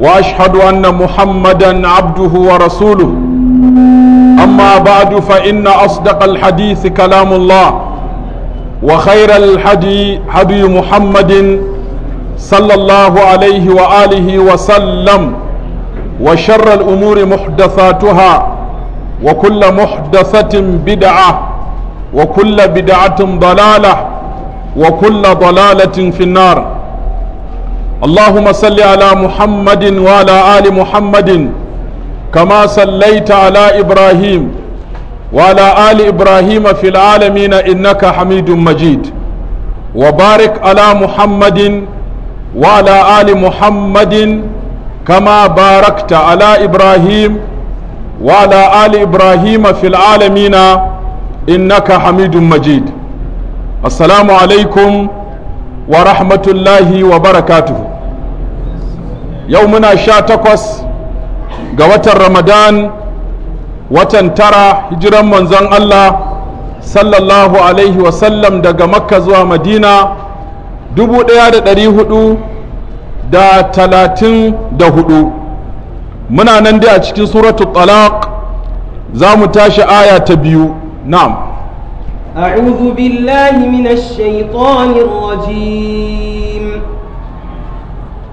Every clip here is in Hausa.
واشهد ان محمدا عبده ورسوله اما بعد فان اصدق الحديث كلام الله وخير الحدي حدي محمد صلى الله عليه واله وسلم وشر الامور محدثاتها وكل محدثه بدعه وكل بدعه ضلاله وكل ضلاله في النار اللهم صل على محمد وعلى آل محمد كما صليت على إبراهيم وعلى آل إبراهيم في العالمين إنك حميد مجيد وبارك على محمد وعلى آل محمد كما باركت على إبراهيم وعلى آل إبراهيم في العالمين إنك حميد مجيد السلام عليكم wa rahmatullahi wa barakatuhu yau muna sha takwas ga watan ramadan watan tara hijiran manzon Allah sallallahu alaihi wasallam daga makka zuwa madina dubu ɗaya da ɗari hudu da talatin da hudu muna nan dai a cikin suratul talaq za mu tashi aya ta biyu na'am أعوذ بالله من الشيطان الرجيم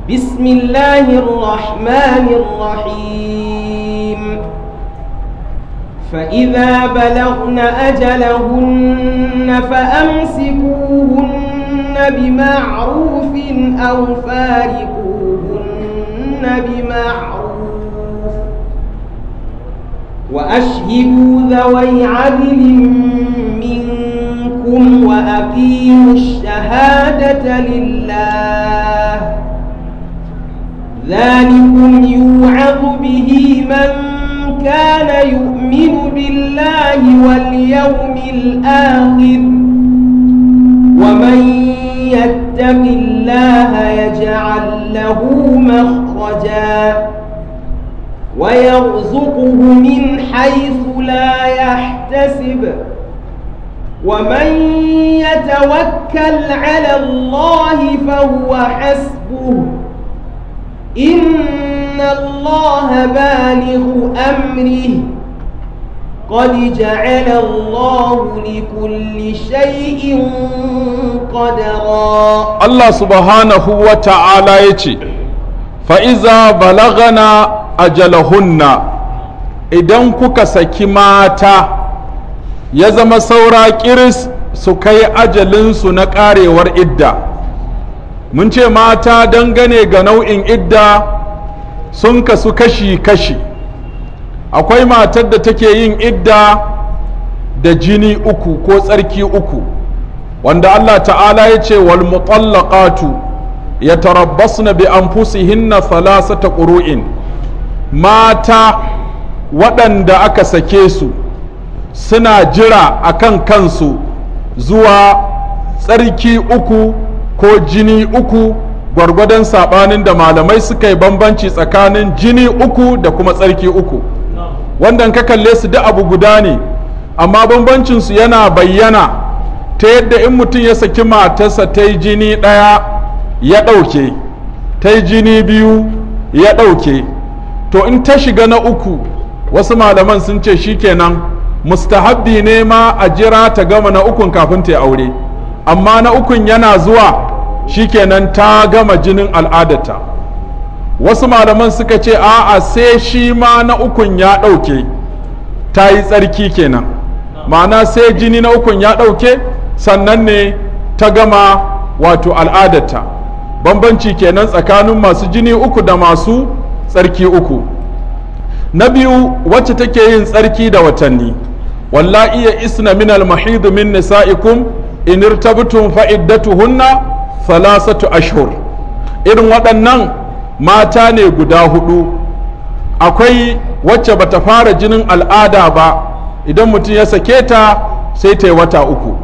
بسم الله الرحمن الرحيم فإذا بلغن أجلهن فأمسكوهن بمعروف أو فارقوهن بمعروف وأشهدوا ذوي عدل منكم وأقيموا الشهادة لله ذلكم يوعظ به من كان يؤمن بالله واليوم الآخر ومن يتق الله يجعل له مخرجاً ويرزقه من حيث لا يحتسب ومن يتوكل على الله فهو حسبه إن الله بالغ أمره قد جعل الله لكل شيء قدرا الله سبحانه وتعالى يتي فإذا بلغنا ajalahunna idan kuka saki mata ya zama saura kiris su kai ajalinsu na karewar idda mun ce mata dangane ga nau'in idda sun kasu kashi-kashi akwai matar da take yin idda da jini uku ko tsarki uku wanda allah ta'ala ya ce wal mutallaqatu ya tarabbasna bi anfusihinna thalathata quru'in mata waɗanda aka sake su suna jira a kan kansu zuwa tsarki uku ko jini uku gwargwadon saɓanin da malamai suka yi bambanci tsakanin jini uku da kuma tsarki uku wanda ka kalle su duk abu guda ne amma bambancinsu yana bayyana ta yadda in mutum ya saki matarsa ta yi jini ɗaya ya ɗauke ta yi jini biyu ya ɗauke to in ta shiga na uku wasu malaman sun ce shikenan mustahabbi ne ma a jira ta gama na ukun kafin ta yi aure amma na ukun yana zuwa shikenan ta gama jinin al'adata wasu malaman suka ce a'a sai shi ma na ukun ya ɗauke ta yi tsarki kenan ma'ana sai jini na ukun ya ɗauke sannan ne ta gama wato al'adata bambanci kenan tsakanin masu jini uku da masu tsarki uku na biyu wacce take yin tsarki da watanni wallahi ya isna min almahidu min nisa'ikum in irtabtum fa iddatuhunna thalathatu ashhur irin waɗannan mata ne guda hudu akwai wacce bata fara jinin al'ada ba idan mutum ya sake ta sai ta yi wata uku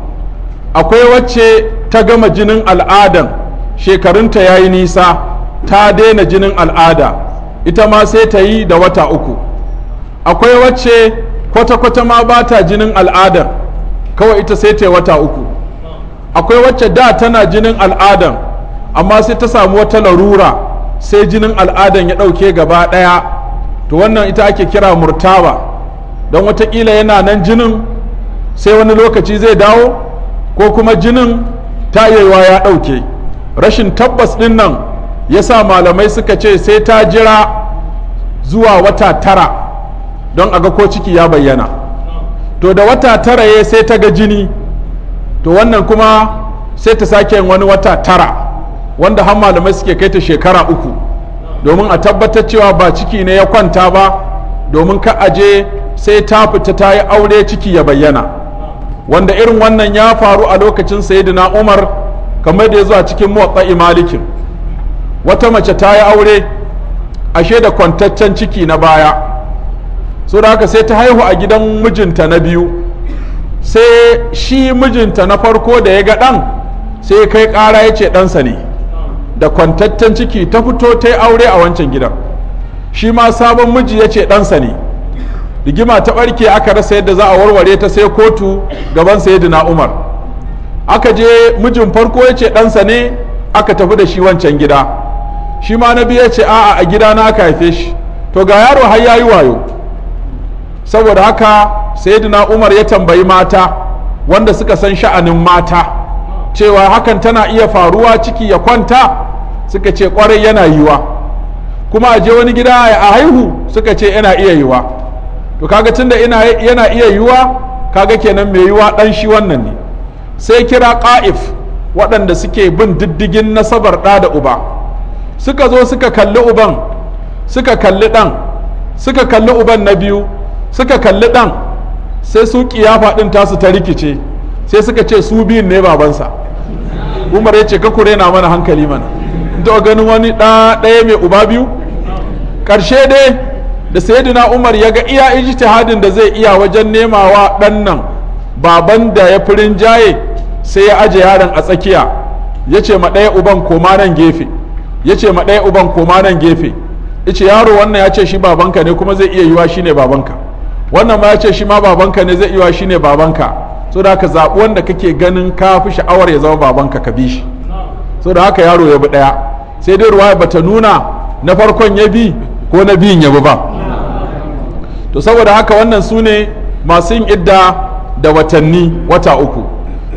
akwai wacce ta gama jinin al'adan shekarunta ya yi nisa ta daina jinin al'ada ita ma sai ta yi da wata uku akwai wacce kwata-kwata ma ba ta jinin al'adar kawai ita sai ta yi wata uku akwai wacce da tana jinin al'adar amma sai ta samu wata larura sai jinin al'adar ya ɗauke gaba ɗaya to wannan ita ake kira murtawa don watakila yana nan jinin sai wani lokaci zai dawo ko kuma jinin tayewa ya ɗauke rashin tabbas ɗin nan yasa malamai suka ce sai ta jira zuwa wata tara don a ga ko ciki ya bayyana to da wata tara ya sai ta ga jini to wannan kuma sai ta sake wani wata tara wanda har malamai suke kai ta shekara uku domin a tabbatar cewa ba ciki ne ya kwanta ba domin ka aje sai ta fita ta yi aure ciki ya bayyana wanda irin wannan ya faru a lokacin sayidina umar kamar da ya zuwa cikin muwaɗa malikin wata mace ta yi aure ashe da kwantaccen ciki na baya so da haka sai ta haihu a gidan mijinta na biyu sai shi mijinta na farko da ya ga ɗan sai kai ƙara ya ce ɗansa ne da kwantaccen ciki ta fito ta yi aure a wancan gidan shi ma sabon miji ya ce ɗansa ne rigima ta ɓarke aka rasa yadda za a warware ta sai kotu gaban sayyidina umar aka je mijin farko ya ce ɗansa ne aka tafi da shi wancan gida shi ma na biya ce a'a a gida na aka haife shi to ga yaro har yayi wayo saboda haka sayyidina umar ya tambayi mata wanda suka san sha'anin mata cewa hakan tana iya faruwa ciki ya kwanta suka ce kwarai yana yiwa kuma a je wani gida a haihu suka ce yana iya yiwa to kaga tunda ina yana iya yiwa kaga kenan mai yiwa dan shi wannan ne sai kira ƙa'if waɗanda suke bin diddigin nasabar ɗa da uba suka zo suka kalli uban suka kalli ɗan suka kalli uban na biyu suka kalli ɗan sai su kiyafa ɗin tasu ta rikice sai suka ce su biyun ne babansa umar ya ce ka na mana hankali mana ta ganin wani ɗaya mai uba biyu ƙarshe dai da sayyidina umar ya ga iya hadin da zai iya wajen nemawa ɗan nan baban da ya firin jaye sai ya aje yaron a tsakiya ya ce ma ɗaya uban koma nan gefe ya ce ma ɗaya uban koma nan gefe ya ce yaro wannan ya ce shi babanka ne kuma zai iya yiwa shi ne babanka wannan ma ya ce shi ma babanka ne zai iya shi ne babanka so da haka zaɓi wanda kake ganin ka fi sha'awar ya zama babanka ka bi shi so da haka yaro ya bi ɗaya sai dai ruwa bata nuna na farkon ya bi ko na biyun ya bi ba to saboda haka wannan su ne masu yin idda da watanni wata uku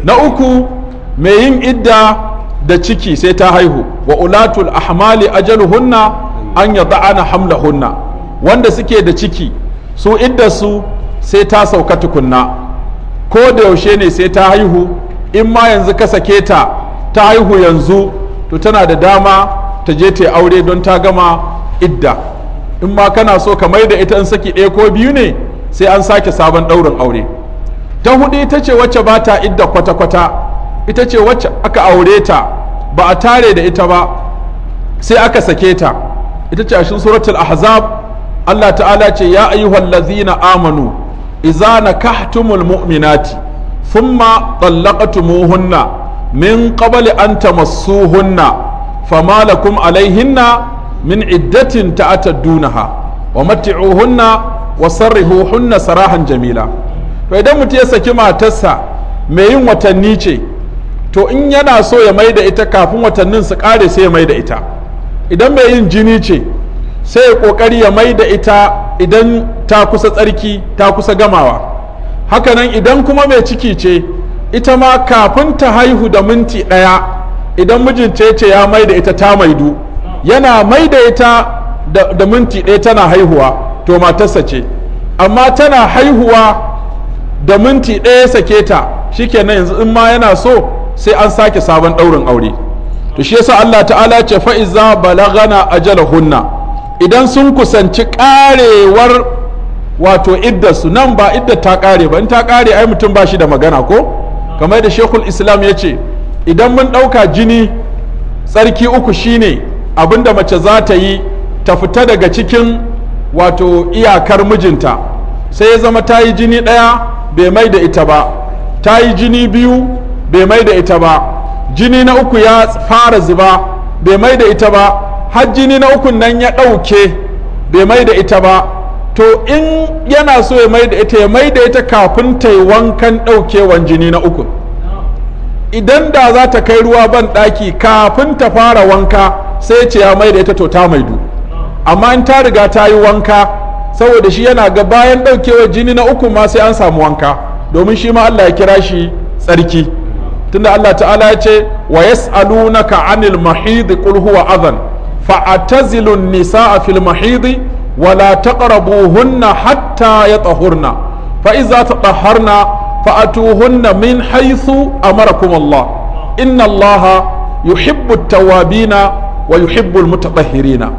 na uku mai yin idda da ciki sai ta haihu wa ulatul ahmali ajaluhunna an ya hamla hunna. wanda suke da ciki su idda su sai ta sauka tukunna ko da yaushe ne sai ta haihu in ma yanzu ka sake ta ta haihu yanzu to tana da dama ta je ta aure don ta gama idda in ma kana so ka mai da ita in saki ɗaya ko biyu ne sai an sake sabon ɗaurin aure ta hudu ita ce wacce ba ta idda kwata-kwata ita ce wacce aka aure ta ba a tare da ita ba sai aka sake ta ita ce a cikin suratul ahzab Allah ta'ala ce ya ayyuhallazina amanu idza nakahtumul mu'minati thumma talaqtumuhunna min qabli an tamassuhunna fama lakum alaihinna min iddatin ta'taddunaha wa matti'uhunna wa sarrihuhunna sarahan jamila to idan mutum ya saki matarsa mai yin watanni ce to in yana so ya mai da ita kafin watannin su kare sai ya mai da ita idan mai yin jini ce sai ya kokari ya mai da ita idan ta kusa tsarki ta kusa gamawa hakanan idan kuma mai ciki ce ita ma kafin ta haihu da minti ɗaya idan mijin ce ya mai da ita ta maidu yana mai da ita da minti ɗaya tana haihuwa to matarsa ce amma tana haihuwa da minti ɗaya sake ta shikenan yanzu in ma yana so sai an sake sabon ɗaurin aure to shi yasa Allah ta'ala ce fa'iza balagana ajalahunna idan sun kusanci karewar wato iddarsu nan ba idda ta kare ba in ta kare ai mutum ba shi da magana ko kamar da shekul islam ya ce idan mun ɗauka jini tsarki uku shine abinda mace za ta yi ta fita daga cikin wato iyakar mijinta sai ya zama ta yi jini ɗaya bai mai da ita ba ta yi jini biyu bai mai da ita ba jini na uku ya fara zuba bai mai da ita ba har jini na uku nan ya ɗauke bai mai da ita ba to in yana so ya mai da ita ya mai da ita kafin ta yi wankan ɗaukewan jini na uku idan da za ta kai ruwa ban ɗaki kafin ta fara wanka sai ce ya mai da ita to ta maidu amma in ta riga ta yi wanka saboda shi yana ga bayan ɗaukewar jini na uku ma sai an samu wanka domin shi ma allah ya kira shi tsarki tunda Allah ta'ala ya ce wa yas'alunaka 'anil mahidi qul huwa adhan fa'tazilu an-nisaa fil mahidi wa la taqrabuhunna hatta yatahurna fa idza tataharna fa'atuhunna min haythu amarakum Allah inna Allah yuhibbu at-tawabina wa yuhibbu al-mutatahhirina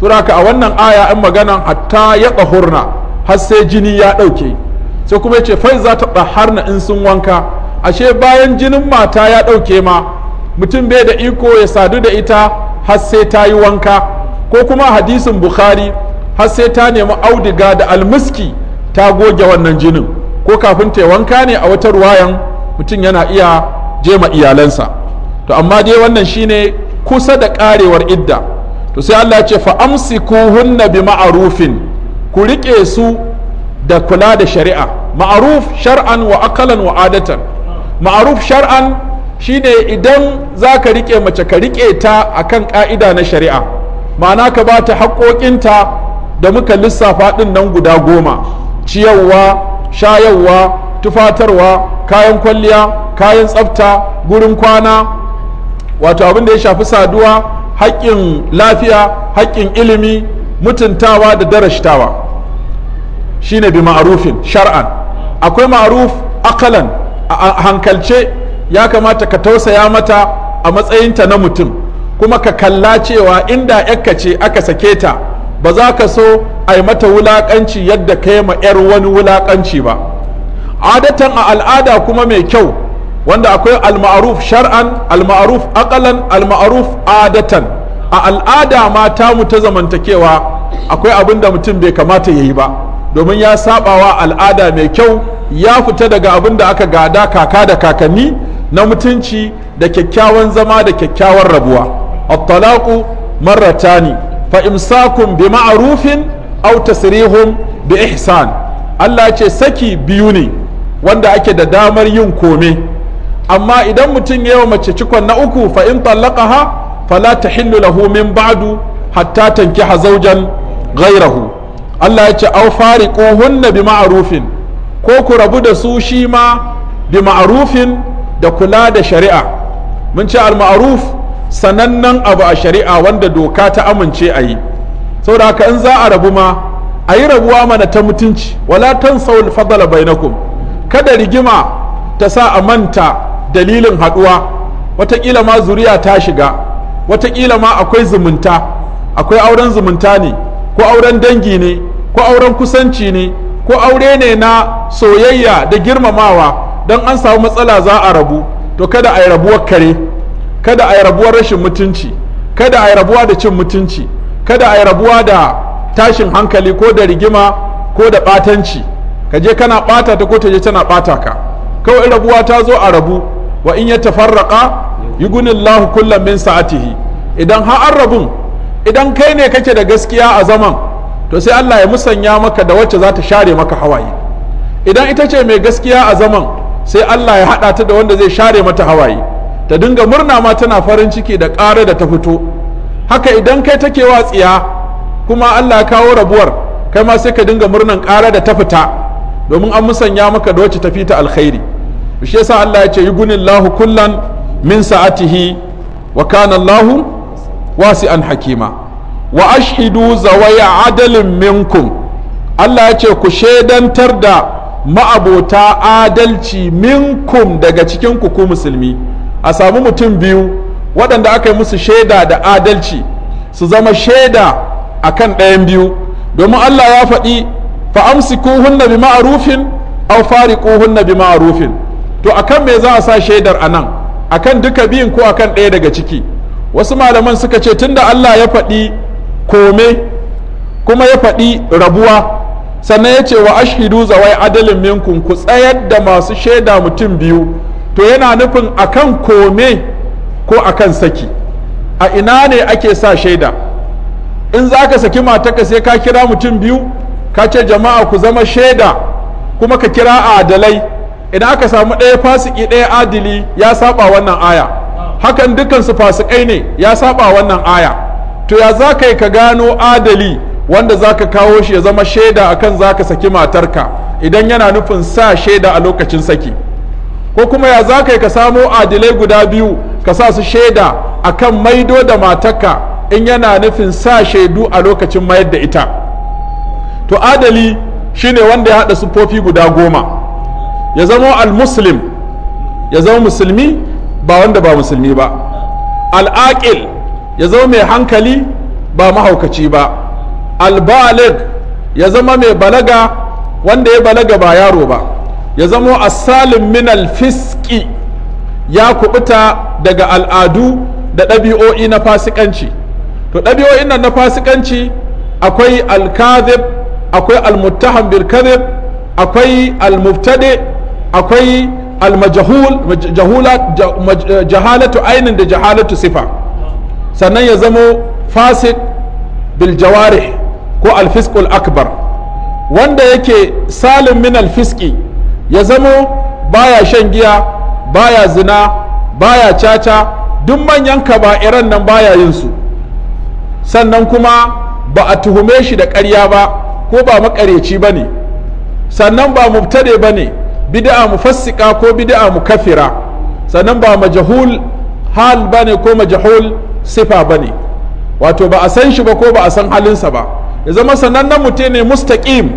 suraka a wannan aya in magana hatta yatahurna har sai jini ya dauke sai kuma yace fa idza tataharna in sun wanka ashe bayan jinin mata ya ɗauke ma mutum bai da iko ya sadu da ita har sai ta yi wanka ko kuma hadisin bukhari har sai ta nemi auduga da almuski ta goge wannan jinin ko kafin ta wanka ne a wata ruwayan mutum yana iya jema iyalansa to amma dai wannan shine kusa da karewar idda to sai Allah ce fa amsikuhunna bi ma'arufin ku rike su da kula da shari'a ma'aruf shar'an wa akalan wa adatan ma'aruf shar'an shine idan za ka riƙe mace ka riƙe ta a kan ƙa'ida na shari'a ma'ana ka ba ta haƙoƙinta da muka lissafa ɗin nan guda goma ciyarwa shayarwa tufatarwa kayan kwalliya kayan tsafta gurin kwana wato abin da ya shafi saduwa haƙƙin lafiya haƙƙin ilimi mutuntawa da darashtawa shine bi ma'arufin shar'an akwai ma'aruf akalan a hankalce ya kamata ka tausaya mata a matsayinta na mutum kuma ka kalla cewa inda yakka ce aka sake ta ba za ka so a yi mata wulaƙanci yadda ka yi ma 'yar wani wulaƙanci ba adatan a al'ada kuma mai kyau wanda akwai alma'aruf shar'an alma'aruf akalan alma'aruf adatan a al'ada ma mu ta zamantakewa akwai abin da mutum bai kamata ya yi ba domin ya wa al'ada mai kyau ya fita daga abin da aka gada kaka da kakanni na mutunci da kyakkyawan zama da kyakkyawan rabuwa at-talaqu marratani fa imsakum bi ma'rufin aw tasrihum bi ihsan Allah ce saki biyu ne wanda ake da damar yin kome amma idan mutum ya mace cikon na uku fa in talaqaha fala tahillu lahu min ba'du hatta tankiha zawjan ghayrahu Allah ya ce aw fariquhunna bi ma'rufin ko ku rabu da su shi ma bi ma'arufin da kula da shari'a mun ce al-ma'aruf sanannen abu a shari'a wanda doka ta amince a yi saboda haka in za a rabu ma a yi rabuwa mana ta mutunci wala saul fadala bainakum kada rigima ta sa a manta dalilin haɗuwa watakila ma zuriya ta shiga Wataƙila ma akwai zumunta akwai auren zumunta ne ko auren dangi ne ko auren kusanci ne ko aure ne na soyayya da girmamawa don an samu matsala za a rabu to kada a yi rabuwar kare kada a yi rabuwar rashin mutunci kada a yi rabuwa da cin mutunci kada a yi rabuwa da tashin hankali ko da rigima ko da ɓatanci ka je kana ɓata ta ko ta je tana ɓata ka kawai rabuwa ta zo a rabu wa in ya tafarraqa yugunillahu kullum min sa'atihi idan har rabun idan kai ne kake da gaskiya a zaman to sai Allah ya musanya maka da wacce za ta share maka hawaye idan ita ce mai gaskiya a zaman sai Allah ya haɗa ta da wanda zai share mata hawaye ta dinga murna ma tana farin ciki da ƙara da ta fito haka idan kai take watsiya kuma Allah ya kawo rabuwar kai ma sai ka dinga murnan ƙara da ta fita domin an musanya maka da wacce ta fita alkhairi shi yasa Allah ya ce yugunillahu kullan min sa'atihi wa kana Allahu wasi'an hakima wa zawaya adalin minkum Allah ya ce ku shaidantar da ma'abota adalci minkum daga cikin ku ku musulmi a samu mutum biyu waɗanda aka yi musu shaida da adalci su zama shaida a kan ɗayan biyu domin Allah ya faɗi na bi ma'arufin au aw na bi ma'arufin to akan me za a sa shaidar anan akan duka biyun ko akan ɗaya daga ciki wasu malaman suka ce tunda Allah ya faɗi kome kuma ya faɗi rabuwa sannan ya ce wa ashidu zawai adalin minkum ku tsayar da masu shaida mutum biyu to yana nufin akan kome ko akan saki a ina ne ake sa shaida in za ka saki mataka sai ka kira mutum biyu ka ce jama'a ku zama shaida kuma ka kira adalai idan aka samu ɗaya fasiki ɗaya adili ya saba wannan aya hakan dukansu fasikai ne ya saba wannan aya to ya za ka yi ka gano adali wanda za ka kawo shi ya zama shaida akan za ka saki matarka idan yana nufin sa shaida a lokacin saki ko kuma ya za ka yi ka samo adilai guda biyu ka sa su shaida a kan maido da matarka in yana nufin sa shaidu a lokacin mayar da ita to adali shine wanda ya haɗa siffofi guda goma ya zama al ya zama musulmi ba wanda ba musulmi ba al-aqil ya zama mai hankali ba mahaukaci ba albalig ya zama mai balaga wanda ya balaga ba yaro ba ya zama asalin min alfiski ya kubuta daga al'adu da ɗabi'o'i na fasikanci to ɗabi'o'i nan na fasikanci akwai alkazib akwai almuttaham bil kadhib akwai almuftade akwai almajahul jahalatu ainin da jahalatu sifa sannan ya zamo fasid bil jawari ko alfiskul akbar wanda yake salim min alfiski ya zamo baya shan giya baya zina baya caca duk manyan kaba'iran nan baya yin su sannan kuma ba a tuhume shi da ƙarya ba ko ba makareci ba ne sannan ba mubtade ba ne mu mufassika ko bid'a kafira sannan ba majahul hal ba ne ko majahul sifa ba ne wato ba a san shi ba ko ba a san halinsa ba ya zama sanannen mutum ne mustaqim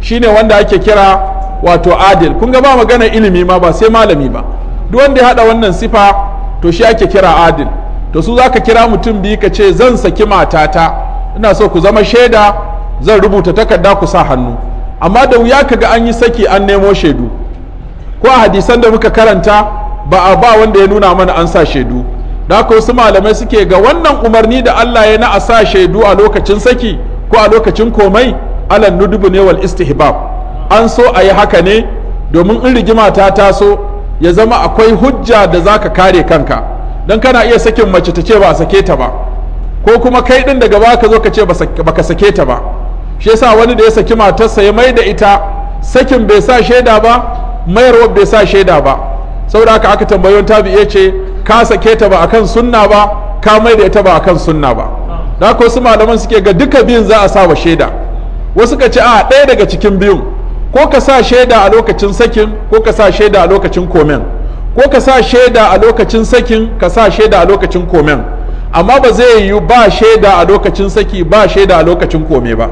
shine wanda ake kira wato adil kun ga ba magana ilimi ma ba sai malami ba duk wanda ya haɗa wannan sifa to shi ake kira adil to su zaka kira mutum biyu ka ce zan saki matata ina so ku zama shaida zan rubuta takarda ku sa hannu amma da wuya ka ga an yi saki an nemo shaidu ko a hadisan da muka karanta ba a ba wanda ya nuna mana an sa shaidu da haka wasu malamai suke ga wannan umarni da Allah ya na a sa shaidu a lokacin saki ko a lokacin komai alan nudubu ne wal istihbab an so a yi haka ne domin in rigima ta taso ya zama akwai hujja da zaka kare kanka don kana iya sakin mace ta ce ba sake ta ba ko kuma kai din daga ba ka zo ka ce baka sake ta ba shi yasa wani da ya saki matarsa ya mai da ita sakin bai sa shaida ba mayarwa bai sa shaida ba saboda haka aka tambayon tabi ce ka sake ta ba akan sunna ba ka mai da ita ba akan sunna ba da ko wasu malaman suke ga duka biyun za a sa wa shaida wasu ka ce a ɗaya daga cikin biyun ko ka sa shaida a lokacin sakin ko ka sa shaida a lokacin komen ko ka sa shaida a lokacin sakin ka sa shaida a lokacin komen amma ba zai yiwu ba shaida a lokacin saki ba shaida a lokacin kome ba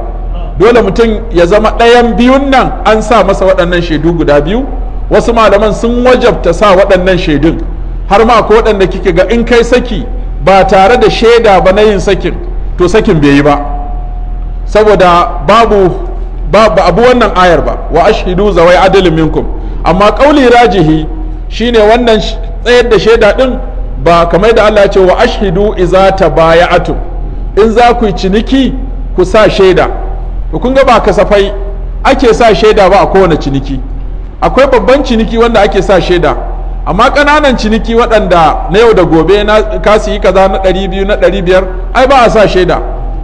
dole mutum ya zama ɗayan biyun nan an sa masa waɗannan shaidu guda biyu wasu malaman sun wajabta sa waɗannan shaidun har ma ko waɗanda kike ga in kai saki ba tare da shaida ba na yin sakin to sakin bai yi ba saboda babu babu abu wannan ayar ba wa ashhidu zawai adalin minkum amma kauli rajihi shine wannan tsayar da shaida ɗin ba kamar da Allah ya ce wa ashhidu iza tabaya'atum in za ku ciniki ku sa shaida to kun ga ba kasafai ake sa shaida ba a kowane ciniki akwai babban ciniki wanda ake sa shaida amma ƙananan ciniki waɗanda na yau da gobe na ka yi kaza na ɗari biyu na ɗari biyar ai ba a sa shaida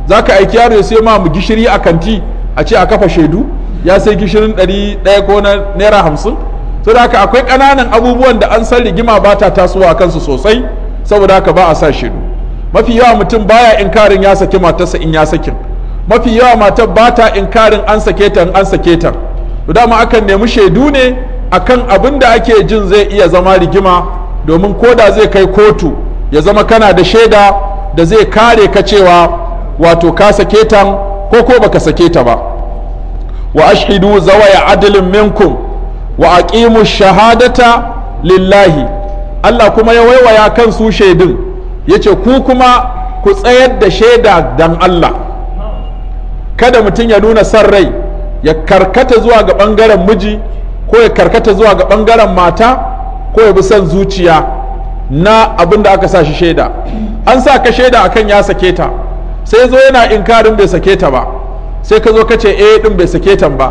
za ka aiki yaro ya sai ma mu gishiri a kanti a ce a kafa shaidu ya sai gishirin ɗari ɗaya ko na naira hamsin to da haka akwai ƙananan abubuwan da an san rigima ba ta tasowa kansu sosai saboda haka ba a sa shaidu mafi yawa mutum baya inkarin ya saki matarsa in ya sakin mafi yawa matar ba ta inkarin an sake ta an sake ta to dama akan nemi shaidu ne akan abin da ake jin zai iya zama rigima domin ko da zai kai kotu ya zama kana da shaida da zai kare ka cewa wato ka sake ta ko ko baka sake ta ba wa ashhidu zawaya adalin minkum wa aqimu shahadata lillahi Allah kuma ya waiwaya kan su shaidun yace ku kuma ku tsayar da shaida dan Allah kada mutum ya nuna son rai ya karkata zuwa ga bangaren miji ko ya karkata zuwa ga ɓangaren mata ko ya bi son zuciya na abin da aka sa shi shaida an sa ka shaida akan ya sake ta sai zo yana inkarin bai sake ta ba sai ka zo ka ce eh din bai sake ta ba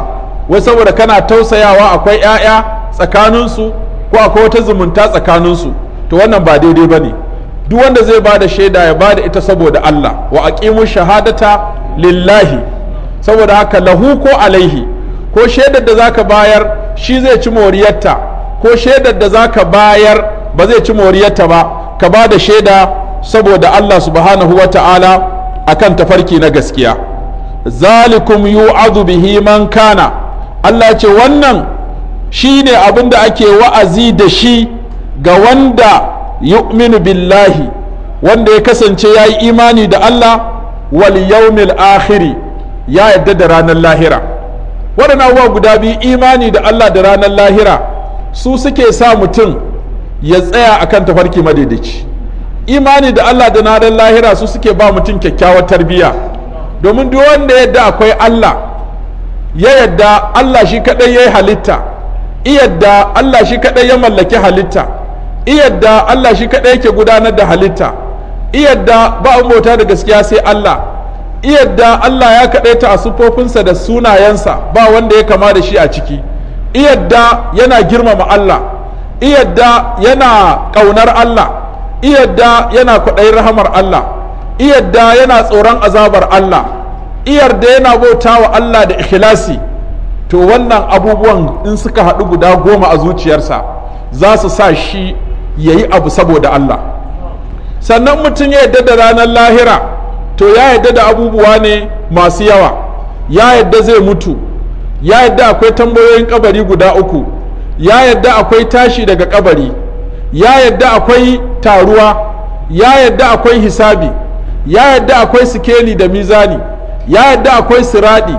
wai saboda kana tausayawa akwai 'ya'ya tsakaninsu ko akwai wata zumunta tsakaninsu to wannan ba daidai ba ne duk wanda zai ba da shaida ya ba da ita saboda Allah wa aqimu shahadata lillahi saboda haka lahu ko alaihi ko shaidar da zaka bayar shi zai ci moriyarta ko shaidar da za ka bayar ba zai ci moriyarta ba ka ba da shaida saboda Allah subhanahu wa ta'ala a kan tafarki na gaskiya zalikum yu'adhu bihi man kana Allah ce wannan shi ne abin da ake wa'azi da shi ga wanda yu'minu billahi wanda ya kasance ya yi imani da Allah wal yaumil akhiri ya yadda da ranar lahira waɗanda abubuwa guda biyu imani da Allah da ranar lahira su suke sa mutum ya tsaya akan tafarki madaidaici imani da Allah da ranar lahira su suke ba mutum kyakkyawar tarbiyya domin duk wanda yadda akwai Allah ya yadda Allah shi kaɗai ya yi halitta iyadda Allah shi kadai ya mallaki halitta iyadda Allah shi kaɗai yake gudanar da halitta iyadda ba mota da gaskiya sai Allah iyadda Allah ya ta a siffofinsa da sunayensa ba wanda ya kama da shi a ciki iyadda yana girmama Allah iyadda yana ƙaunar Allah iyadda yana kwaɗayin rahamar Allah iyadda yana tsoron azabar Allah iyarda yana bauta wa Allah da ikhlasi to wannan abubuwan in suka haɗu guda goma a zuciyarsa za su sa shi ya yi abu saboda Allah sannan mutum ya yadda da ranar lahira to ya yadda da abubuwa ne masu yawa ya yadda zai mutu ya yadda akwai tambayoyin kabari guda uku ya yadda akwai tashi daga kabari ya yadda akwai taruwa ya yadda akwai hisabi ya yadda akwai sikeli da mizani ya yadda akwai siradi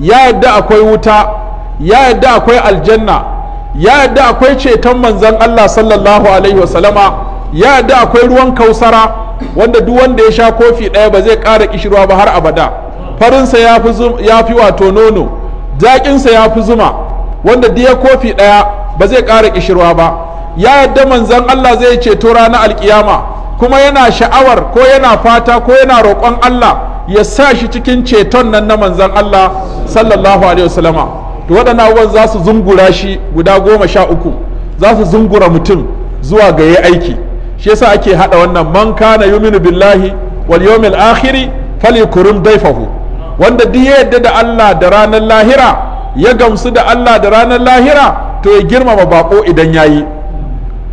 ya yadda akwai wuta ya yadda akwai aljanna ya yadda akwai ceton manzon Allah sallallahu alaihi wasallama ya yadda akwai ruwan kausara wanda duk wanda ya sha kofi ɗaya ba zai ƙara ƙishirwa ba har abada farinsa ya fi wato nono jaƙinsa ya fi zuma wanda duk ya kofi ɗaya ba zai ƙara ƙishirwa ba ya yadda manzan Allah zai ceto ranar alƙiyama kuma yana sha'awar ko yana fata ko yana roƙon Allah ya sa shi cikin ceton nan na manzan Allah sallallahu alaihi wasallama to waɗannan abubuwan za su zungura shi guda goma sha uku za su zungura mutum zuwa ga ya aiki shi yasa ake hada wannan man kana yuminu billahi wal yawmil akhiri falyukrim dayfahu wanda duk ya yadda da Allah da ranar lahira ya gamsu da Allah da ranar lahira to ya girmama bako idan yayi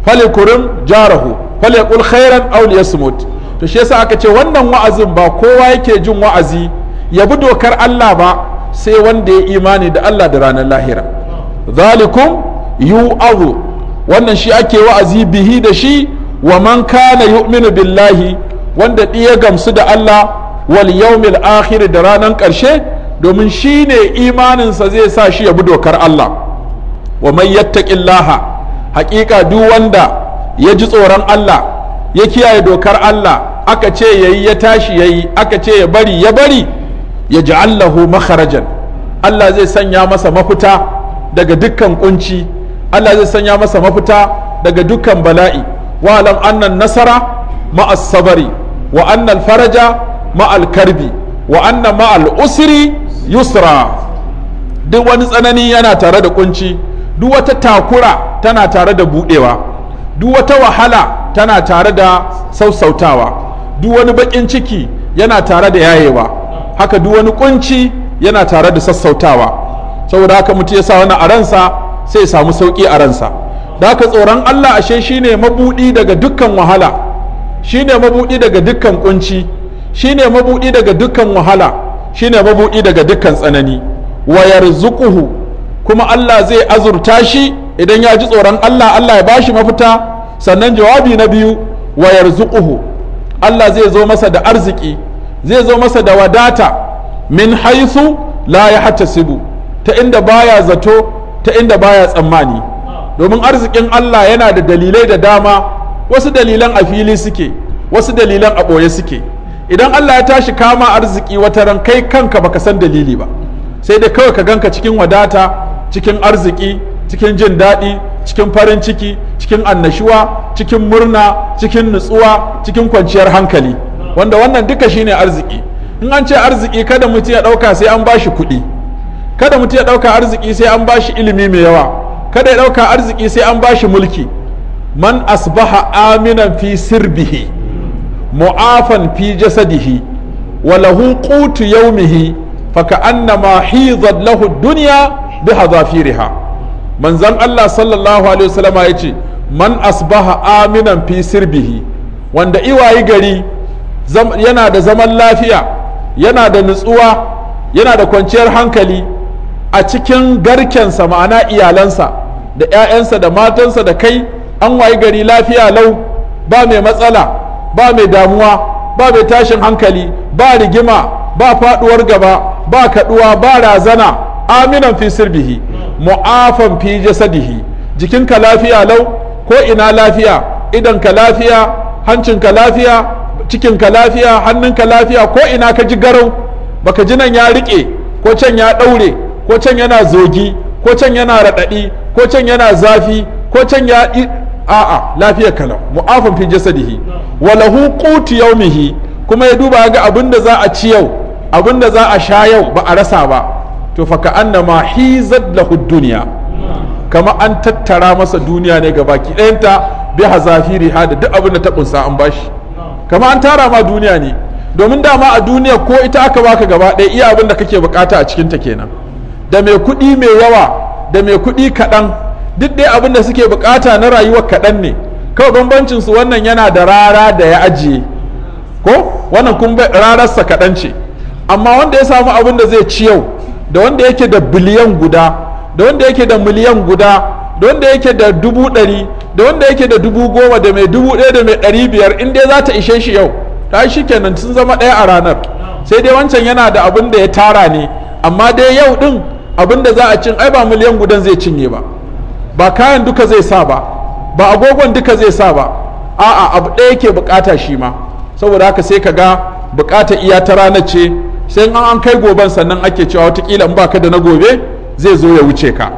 falyukrim jarahu falyaqul khairan aw liyasmut to shi yasa aka ce wannan wa'azin ba kowa yake jin wa'azi ya bi dokar Allah ba sai wanda ya imani da Allah da ranar lahira zalikum yu'azu wannan shi ake wa'azi bihi da shi wa man kana yu'minu billahi wanda ɗiya gamsu da Allah wal yawmil akhir da ranan karshe domin shine imaninsa zai sa shi ya bi dokar Allah wa man yattaqillaha haƙiƙa duk wanda ya ji tsoron Allah ya kiyaye dokar Allah aka ce yayi ya tashi yayi aka ce ya bari ya bari ya allahu makharajan Allah zai sanya masa mafita daga dukkan kunci Allah zai sanya masa mafita daga dukkan bala'i wa'alam annan nasara ma'as sabari wa faraja ma'al karbi wa ma'al usri yusra duk wani tsanani yana tare da kunci duk wata takura tana tare da budewa duk wata wahala tana tare da sausautawa duk wani bakin ciki yana tare da yayewa haka duk wani kunci yana tare da sassautawa saboda haka mutu ya sa wani a ransa sai ya samu sauki a ransa da ka tsoron Allah ashe shine mabudi daga dukkan wahala shine mabudi daga dukkan kunci shine mabudi daga dukkan wahala shine mabuɗi daga dukkan tsanani wa yarzuquhu kuma Allah zai azurta shi idan ya ji tsoron Allah Allah ya ba bashi mafita sannan jawabi na biyu wa yarzuquhu Allah zai zo masa da arziki zai zo masa da wadata min haisu la ya sibu ta inda baya zato ta inda baya tsammani domin arzikin Allah yana da dalilai da dama wasu dalilan a fili suke wasu dalilan a ɓoye suke idan Allah ya tashi kama arziki wata ran kai kanka baka san dalili ba sai da kawai ka ganka cikin wadata cikin arziki cikin jin daɗi cikin farin ciki cikin annashuwa cikin murna cikin nutsuwa cikin kwanciyar hankali wanda wannan duka shine arziki in an ce arziki kada mutum ya ɗauka sai an bashi kuɗi kada mutum ya ɗauka arziki sai an bashi ilimi mai yawa kada ya ɗauka arziki sai an bashi mulki man asbaha aminan fi sirbihi mu'afan fi jasadihi wa lahu qutu yawmihi fa ka'annama hizat lahu dunya bi hadafiriha manzon Allah sallallahu alaihi wasallama yace man asbaha aminan fi sirbihi wanda iwayi gari yana da zaman lafiya yana da nutsuwa yana da kwanciyar hankali a cikin garkensa ma'ana iyalansa da 'ya'yansa da matansa da kai an wayi gari lafiya lau ba mai matsala ba mai damuwa ba mai tashin hankali ba rigima ba faduwar gaba ba kaduwa ba razana aminan fi sirbihi mu'afan fi jasadihi jikinka lafiya lau ko ina lafiya idanka lafiya hancinka lafiya cikinka lafiya hannunka lafiya ko ina ka ji garau baka ji nan ya rike ko can ya daure ko can yana zogi ko can yana raɗaɗi ko can yana zafi ko can ya a'a lafiyar kala. mu'afin fi jasadihi wala lahu qutu kuma ya duba ga abin da za a ci yau abin da za a sha yau ba a rasa ba to fa ka annama hizat lahu dunya kama an tattara masa duniya ne gabaki ɗayanta bi hazafiri riha da duk abin da ta kunsa an bashi kama an tara ma duniya ne domin dama a duniya ko ita aka baka gaba ɗaya iya abin da kake bukata a cikinta kenan da mai kuɗi mai yawa da mai kuɗi kaɗan duk dai abin da suke bukata na rayuwa kaɗan ne kawai bambancin su wannan yana da rara da ya ajiye ko wannan kun rararsa kaɗan ce amma wanda ya samu abin da zai ci yau da wanda yake da biliyan guda da wanda yake da miliyan guda da wanda yake da dubu ɗari da wanda yake da dubu goma da mai dubu ɗaya da mai ɗari biyar in dai za ta ishe shi yau ta shi kenan sun zama ɗaya a ranar sai dai wancan yana da abin da ya tara ne amma dai yau ɗin da za a cin ai ba miliyan gudan zai cinye ba ba kayan duka zai sa ba ba agogon duka zai sa ba a'a abu ɗaya ke bukata shi ma saboda haka sai ka ga bukata iya ta rana ce sai an an kai goben sannan ake cewa watakila in ba ka da na gobe zai zo ya wuce ka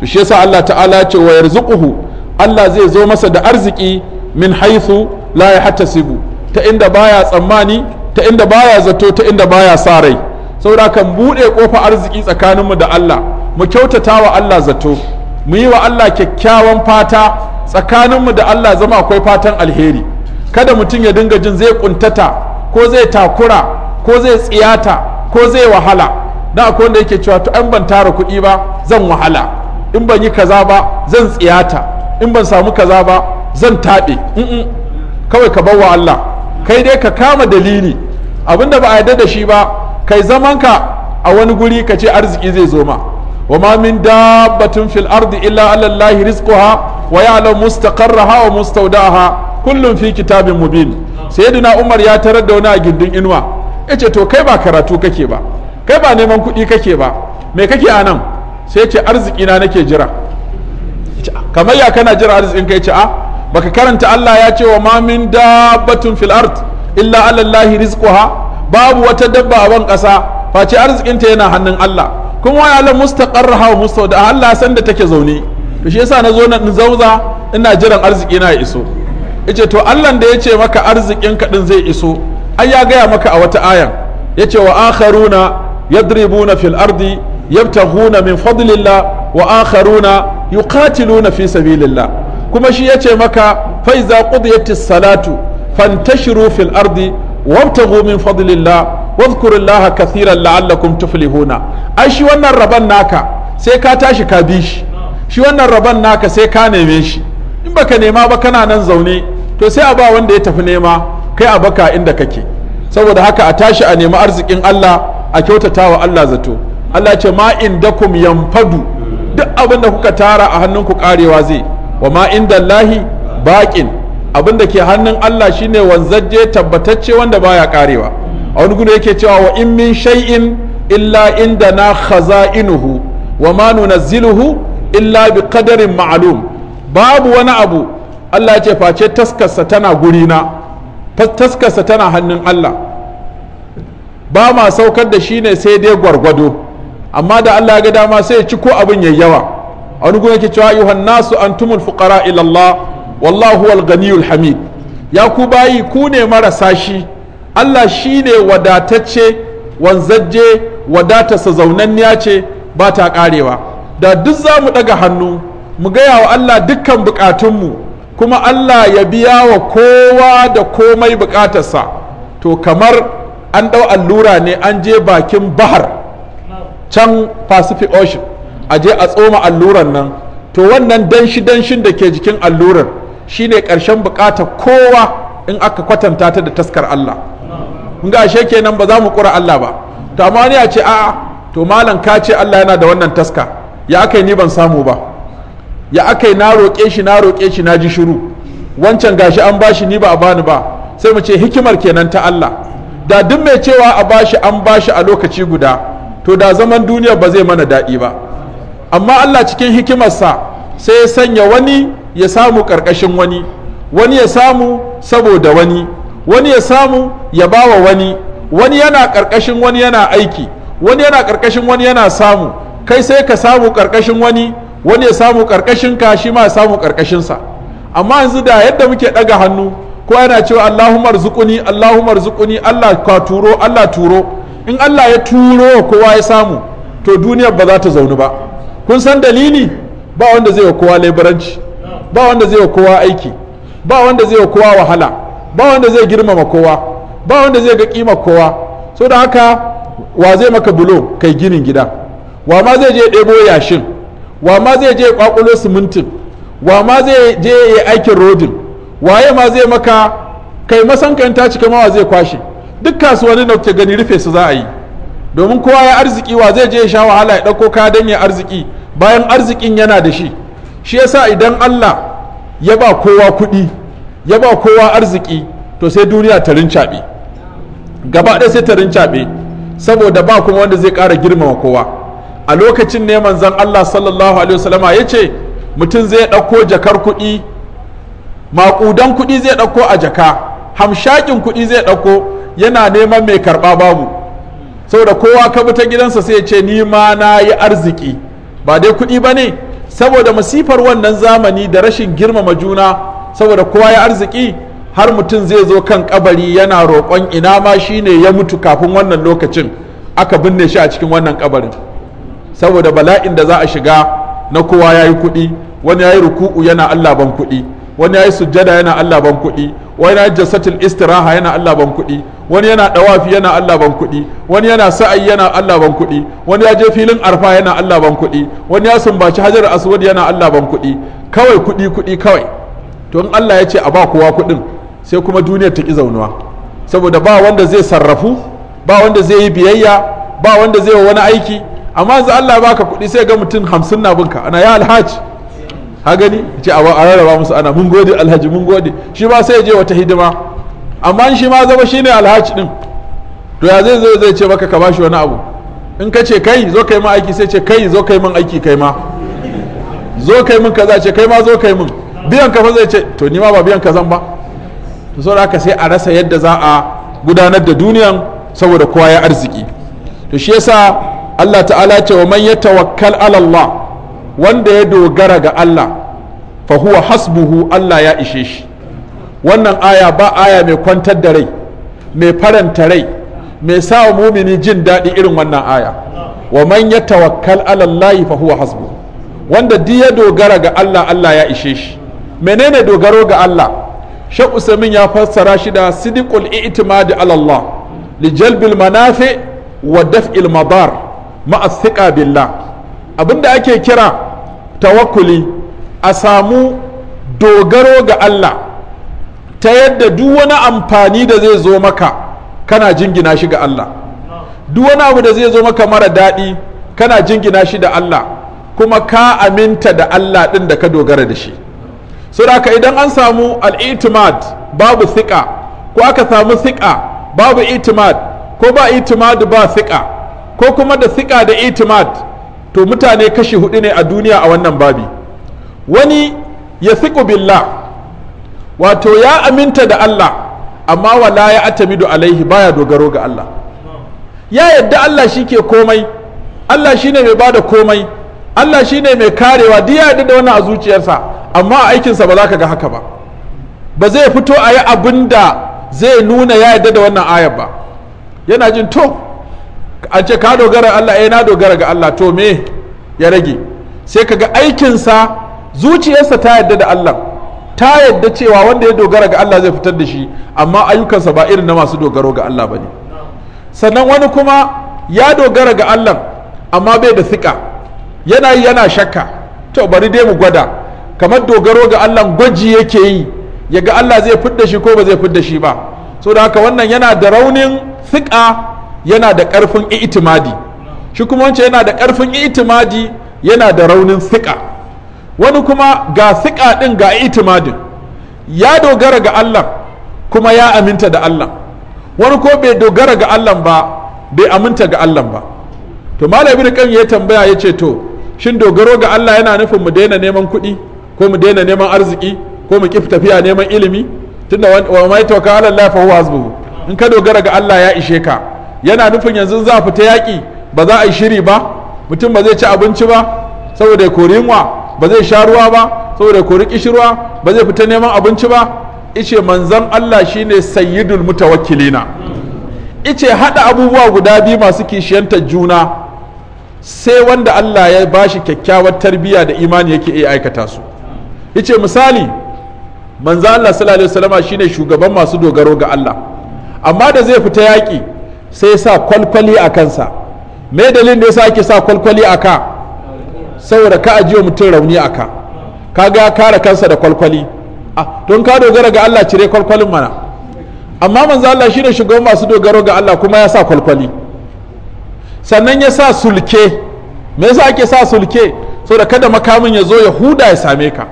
to shi yasa Allah ta'ala ce wa yarzuquhu Allah zai zo masa da arziki min haythu la yahtasibu ta inda baya tsammani ta inda baya zato ta inda baya sarai. rai saboda kan buɗe ƙofa arziki tsakaninmu da Allah mu kyautata wa Allah zato mu yi wa Allah kyakkyawan fata tsakaninmu da Allah zama akwai fatan alheri kada mutum ya dinga jin zai kuntata ko zai takura ko zai tsiyata ko zai wahala na akwai wanda yake cewa to an ban tara kuɗi ba zan wahala in ban yi kaza ba zan tsiyata in ban samu kaza ba zan taɓe kawai ka bar wa Allah kai dai ka kama dalili abinda ba a yarda da shi ba kai zamanka a wani guri ka ce arziki zai zo ma wa ma min dabbatin fil ardi illa ala allahi rizquha wa ya'lamu mustaqarraha wa mustawda'aha kullum fi kitabin mubin sayyidina umar ya tarar da wani a gindin inuwa yace to kai ba karatu kake ba kai ba neman kuɗi kake ba me kake a nan sai ce arziki na nake jira kamar ya kana jira arzikin kai ce a ah, baka karanta Allah ya ce wa ma min dabbatun fil ard illa ala allahi rizquha babu wata dabba a ban ƙasa face arzikinta yana hannun Allah kuma wa ya'lam mustaqarraha wa mustawda Allah san da take zaune to shi yasa nazo na zauza ina jiran arziki na ya iso yace to Allah da yace maka arzikin ka din zai iso ai ya gaya maka a wata ayan yace wa akharuna yadribuna fil ardi yabtaghuna min fadlillah wa akharuna yuqatiluna fi sabilillah kuma shi yace maka fa iza qudiyatis salatu fantashiru fil ardi wabtagu min fadlillah wadhkurullaha kathiran la'allakum tuflihuna ai shi wannan rabon naka sai ka tashi ka bi shi shi wannan rabon naka sai ka neme shi in baka nema ba kana nan zaune to sai a ba wanda ya tafi nema kai a baka inda kake saboda haka a tashi a nemi arzikin Allah a kyautata wa Allah zato Allah ce ma indakum yanfadu duk abin da kuka tara a hannunku karewa zai wa ma inda lahi baqin abin da ke hannun Allah shine wanzajje tabbatacce wanda baya karewa a wani gudu yake cewa wa in min shay'in illa inda na khaza'inuhu wa ma nunazziluhu illa bi qadarin ma'lum babu wani abu Allah ce face taskarsa tana gurina taskarsa tana hannun Allah ba ma saukar da shi ne sai dai gwargwado amma da Allah ga dama sai ya ci ko abin yayi yawa a wani gudu yake cewa nasu an fuqara fukara Allah wallahu alganiyul hamid ya ku bayi ku ne marasa shi Allah shi ne wadatacce wanzajje wadatarsa zaunanniya ce ba ta karewa da duk za mu daga hannu mu gaya wa Allah dukkan bukatunmu kuma Allah ya biya wa kowa da komai bukatarsa to kamar an dau allura ne an je bakin bahar can pacific ocean a je a tsoma alluran nan to wannan danshi danshin da ke jikin allurar Shi ne ƙarshen buƙatar kowa in aka kwatanta ta da taskar Allah ga ashe kenan ba za mu ƙura Allah ba to amma ni ya ce a'a to malam ka ce Allah yana da wannan taska ya aka ni ban samu ba ya aka yi na roƙe shi na roƙe shi na ji shiru wancan gashi an bashi ni ba a bani ba sai mu ce hikimar kenan ta Allah da duk mai cewa a bashi an bashi a lokaci guda to da zaman duniya ba zai mana daɗi ba amma Allah cikin hikimarsa sai ya sanya wani ya samu karkashin wani wani ya samu saboda wani wani ya samu ya bawa wani wani yana karkashin wani yana aiki wani yana karkashin wani yana samu kai sai ka samu karkashin wani wani ya samu karkashin ka shi ma samu sa amma yanzu da yadda muke daga hannu ko yana cewa Allahumma rzuquni Allahumma rzuquni Allah ka turo Allah turo in Allah ya turo kowa ya samu to duniyar ba za ta zaunu ba kun san dalili ba wanda zai wa kowa laibaranci ba wanda zai wa kowa aiki ba wanda zai wa kowa wahala ba wanda zai girmama kowa ba wanda zai ga kima kowa so da haka wa zai maka bulo kai ginin gida wa ma zai je ɗebo yashin wa ma zai je kwakulo simintin wa ma zai je ya aikin rodin waye ma zai maka kai ta cika ma wa zai kwashe duk kasuwanni da kuke gani rufe su za a yi domin kowa ya arziki wa zai je ya sha wahala ya ɗauko kadan ya arziki bayan arzikin yana da shi shi yasa idan Allah ya ba kowa kuɗi ya ba kowa arziki to sai duniya ta rincaɓe gaba ɗaya sai ta rincaɓe saboda ba kuma wanda zai ƙara girmama kowa a lokacin neman zan Allah sallallahu alaihi wasallama ya ce mutum zai ɗauko jakar kuɗi maƙudan kuɗi zai ɗauko a jaka hamshakin kuɗi zai ɗauko yana neman mai karɓa babu saboda kowa ka bi ta gidansa sai ya ce ni ma na yi arziki ba dai kuɗi ba ne saboda masifar wannan zamani da rashin girmama juna saboda kowa ya arziki har mutum zai zo kan kabari yana roƙon ina ma shi ne ya mutu kafin wannan lokacin aka binne shi a cikin wannan kabarin saboda bala'in da za a shiga na kowa ya yi kuɗi wani ya yi ruku'u yana allah kuɗi wani ya yi sujjada yana allah kuɗi wani yana jasatil istiraha yana Allah ban kuɗi wani yana ɗawafi yana Allah ban kuɗi wani yana sa'ayi yana Allah ban kuɗi wani ya je filin arfa yana Allah ban kuɗi wani ya sumbaci hajar aswad yana Allah ban kuɗi kawai kuɗi kuɗi kawai to in Allah ya ce a ba kowa kuɗin sai kuma duniyar ta ki zaunuwa saboda ba wanda zai sarrafu ba wanda zai yi biyayya ba wanda zai wa wani aiki amma yanzu Allah ya baka kuɗi sai ga mutum hamsin na binka ana ya alhaji ha gani ce a rarraba musu ana mun gode alhaji mun gode shi ba sai je wata hidima amma shi ma zama shine alhaji din to ya zai zai zai ce maka ka bashi wani abu in ka ce kai zo kai ma aiki sai ce kai zo kai min aiki kai ma zo kai min kaza ce kai ma zo kai min biyan ka fa zai ce to ni ma ba biyan ka zan ba to saboda haka sai a rasa yadda za a gudanar da duniyan saboda kowa ya arziki to shi yasa Allah ta'ala ce wa man yatawakkal ala Allah wanda ya dogara ga Allah fa huwa hasbuhu Allah ya ishe shi wannan aya ba aya mai kwantar da rai mai faranta rai mai sa mumini jin daɗi irin wannan aya wa man ya tawakkal ala Allah fa huwa hasbu wanda duk ya dogara ga Allah Allah ya ishe shi menene dogaro ga Allah Sheikh Usaimin ya fassara shi da sidiqul itimadi ala Allah li jalbil manafi wa daf'il madar ma'a billah abinda ake kira tawakkuli a samu dogaro ga Allah ta yadda duk wani amfani da zai zo maka kana jingina shi ga Allah duk wani abu da zai zo maka mara daɗi kana jingina shi da Allah kuma ka aminta da Allah ɗin da ka dogara da shi saboda idan an samu al'itimad babu siƙa ko aka samu siƙa babu itimad ko ba itimad ba siƙa ko kuma da siƙa da itimad to mutane kashi hudu ne a duniya a wannan babi wani ya fi billah wato ya aminta da Allah amma wala ya atamidu alaihi baya dogaro ga Allah ya yadda Allah shi ke komai Allah shine mai ba da komai Allah shine mai karewa duk ya yadda da wannan a zuciyarsa amma a aikinsa ba za ka ga haka ba ba zai fito a yi abin da zai nuna ya yadda da wannan ayar ba yana jin to an ce ka dogara Allah eh na dogara ga Allah to me ya rage sai kaga aikinsa zuciyarsa ta yadda da Allah ta yadda cewa wanda ya dogara ga Allah zai fitar da shi amma ayyukansa ba irin na masu dogaro ga Allah bane sannan wani kuma ya dogara ga Allah amma bai da sika yana yi yana shakka to bari dai mu gwada kamar dogaro ga Allah gwaji yake yi ya ga Allah zai fidda shi ko ba zai da shi ba saboda haka wannan yana da raunin siƙa. yana da ƙarfin itimadi shi kuma wancan yana da ƙarfin itimadi yana da raunin siƙa wani kuma ga siƙa ɗin ga itimadin ya dogara ga Allah kuma ya aminta da Allah wani ko bai dogara ga Allah ba bai aminta ga Allah ba to malam ibn qayyim ya tambaya ya ce to shin dogaro ga Allah yana nufin mu daina neman kuɗi ko mu daina neman arziki ko mu kifi tafiya neman ilimi tunda wa mai tawakkala Allah fa huwa hasbuhu in ka dogara ga Allah ya ishe ka yana nufin yanzu za a fita yaƙi ba za a yi shiri ba mutum ba zai ci abinci ba saboda ya kori yunwa ba zai sha ruwa ba saboda ya kori kishirwa ba zai fita neman abinci ba ice manzan Allah shine sayyidul mutawakkilina ice hada abubuwa guda biyu masu kishiyanta juna sai wanda Allah ya bashi kyakkyawar tarbiya da imani yake iya aikata su ice misali manzan Allah sallallahu alaihi wasallama shine shugaban masu dogaro ga Allah amma da zai fita yaƙi sai sa kwalkwali a kansa me dalilin da ya sa ake sa kwalkwali a ka saboda ka ajiye mutum rauni a ka ka ga kare kansa da kwalkwali a ah, don ka dogara ga Allah cire kwalkwalin mana amma manzo Allah ne shugaban masu dogaro ga Allah kuma ya sa kwalkwali sannan ya sa sulke me yasa ake sa sulke saboda kada makamin ya zo ya huda ya same ka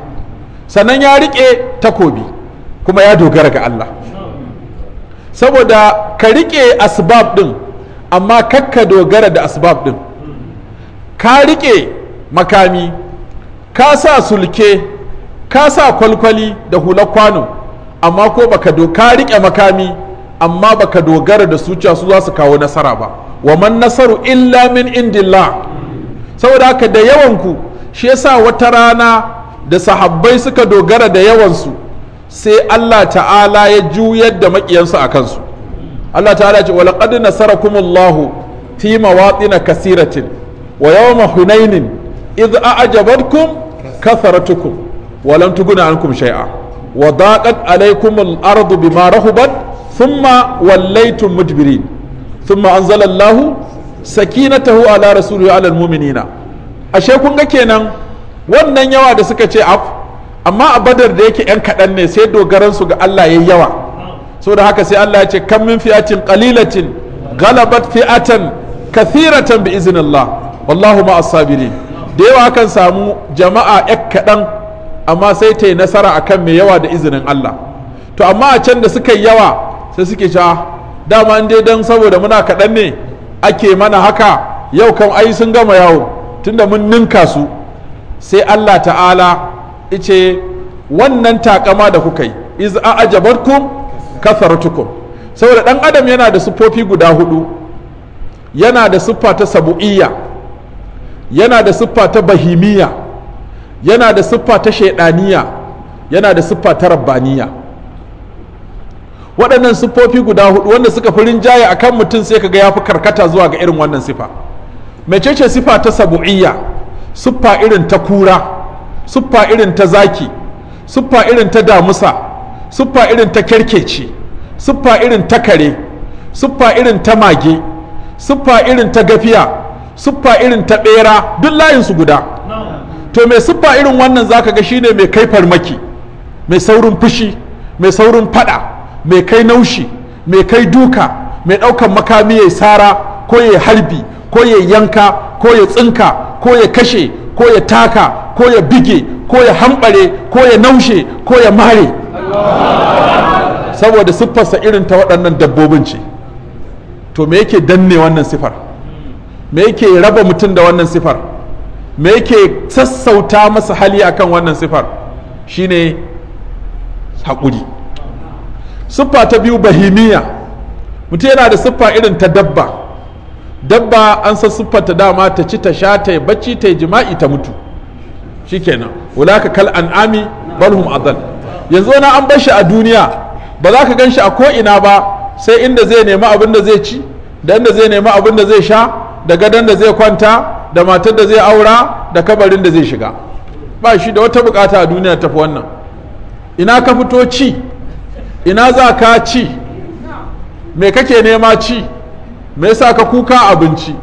sannan ya rike takobi kuma ya dogara ga Allah saboda ka riƙe asbab ɗin amma kakka dogara da asbab ɗin ka riƙe makami ka sa sulke ka sa kwalkwali da hula kwano amma ko baka do ka riƙe makami amma baka dogara da su su za su kawo nasara ba wa man nasaru illa min indillah saboda haka da yawanku shi yasa wata rana da sahabbai suka dogara da yawansu sai Allah ta'ala ya juyar da maƙiyansa a kansu Allah ta'ala ya ce nasara nasarakumullahu fi mawatin kasiratin wa yawma hunainin idh a'jabatkum katharatukum wa lam tughna ankum shay'a wa daqat ma al-ardu bima wallaitun thumma wallaytum mudbirin thumma anzala Allah sakinatahu ala rasulihi ala al-mu'minina ashe kun ga kenan wannan yawa da suka ce af amma a badar da yake 'yan kaɗan ne sai dogaransu ga Allah ya yawa da haka sai Allah ya ce kan min fi'atin qalilatin galabat fi'atan kathiratan bi iznillah wallahu ma sabirin da yawa kan samu jama'a 'yan kaɗan amma sai ta yi nasara akan mai yawa da izinin Allah to amma a can da suka yi yawa sai suke sha dama an dai dan saboda muna kaɗan ne ake mana haka yau kan ai sun gama yawo tunda mun ninka su sai Allah ta'ala ice wannan takama da kuka yi iz a'jabatkum kasartukum saboda dan adam yana da sufofi guda hudu yana da siffa ta sabu'iyya yana da siffa ta bahimiyya yana da siffa ta shaidaniya yana da siffa ta rabbaniya waɗannan siffofi guda hudu wanda suka fi rinjaye a kan mutum sai kaga ya fi karkata zuwa ga irin wannan siffa mecece sifa ta sabu'iyya siffa irin ta kura siffa irin ta zaki siffa irin ta damusa siffa irin ta kerkeci siffa irin ta kare siffa irin ta mage siffa irin ta gafiya siffa irin ta bera duk layinsu guda to mai siffa irin wannan zaka ga shine mai kai farmaki mai saurin fushi mai saurin fada mai kai naushi mai kai duka mai daukan makami ya sara ko ya harbi ko ya yanka ko ya tsinka ko ya kashe ko ya taka ko ya bige ko ya hambare ko ya naushe ko ya mare saboda siffarsa irin ta waɗannan dabbobin ce to me yake danne wannan siffar me yake raba mutum da wannan siffar me yake sassauta masa hali akan wannan siffar shine haƙuri siffa ta biyu bahimiyya. mutum yana da siffa irin ta dabba dabba an sassufata dama ta ci ta sha ta bacci ta jima'i ta mutu shikenan wulaka kal an'ami balhum adal yanzu wani an bar shi a duniya ba za ka gan shi a ko ina ba sai inda zai nemi abin da zai ci da inda zai nemi abin da zai sha da gadon da zai kwanta da matar da zai aura da kabarin da zai shiga ba shi da wata bukata a duniya tafi wannan ina ka fito ci ina za ka ci me kake nema ci me yasa ka kuka abinci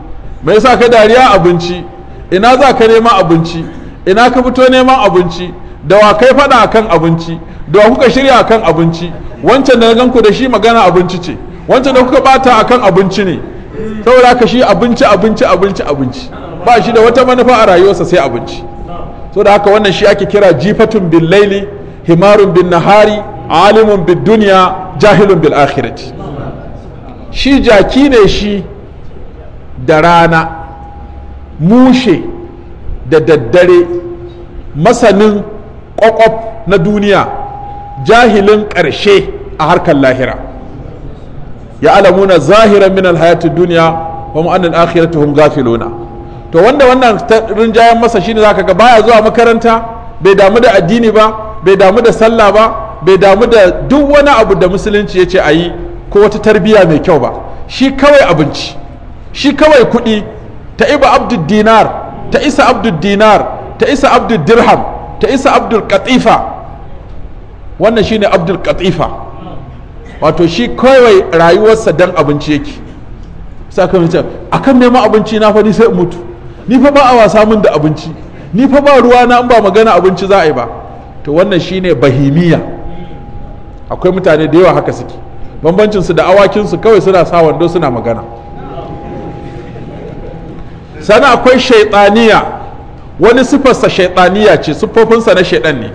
me yasa ka dariya abinci ina za ka nema abinci ina ka fito neman abinci da wa kai faɗa akan abinci da wa kuka shirya kan abinci wancan da ganku da shi magana abinci ce wancan da kuka bata akan abinci ne saboda ka shi abinci abinci abinci abinci ba shi da wata manufa a rayuwarsa sai abinci So da haka wannan shi ake kira jifatun bil laili himarun bin nahari alimun bid dunya jahilun bil akhirati shi jaki ne shi da rana mushe da daddare masanin kwakwaf na duniya jahilin ƙarshe a harkar lahira ya alamuna zahiran min alhayatun duniya wa mu'annin akhiratu hum gafiluna to wanda wannan rinjayen masa shine zaka ga baya zuwa makaranta bai damu da addini ba bai damu da sallah ba bai damu da duk wani abu da musulunci ya ce a yi ko wata tarbiyya mai kyau ba shi kawai abinci shi kawai kuɗi ta iba abdul dinar ta isa abdul dinar ta isa abdul dirham ta isa abdul katifa wannan shi ne abdul katifa wato shi kawai rayuwarsa dan abinci yake sakamakon akan neman abinci na fa ni sai mutu ni fa ba a wasa min da abinci ni fa ba ruwa na ba magana abinci za a yi ba to wannan shine bahimiya akwai mutane da yawa haka suke bambancin da awakinsu kawai suna sa wando suna magana sana akwai shaitaniya wani siffarsa shaitaniya ce siffofinsa na shaidan ne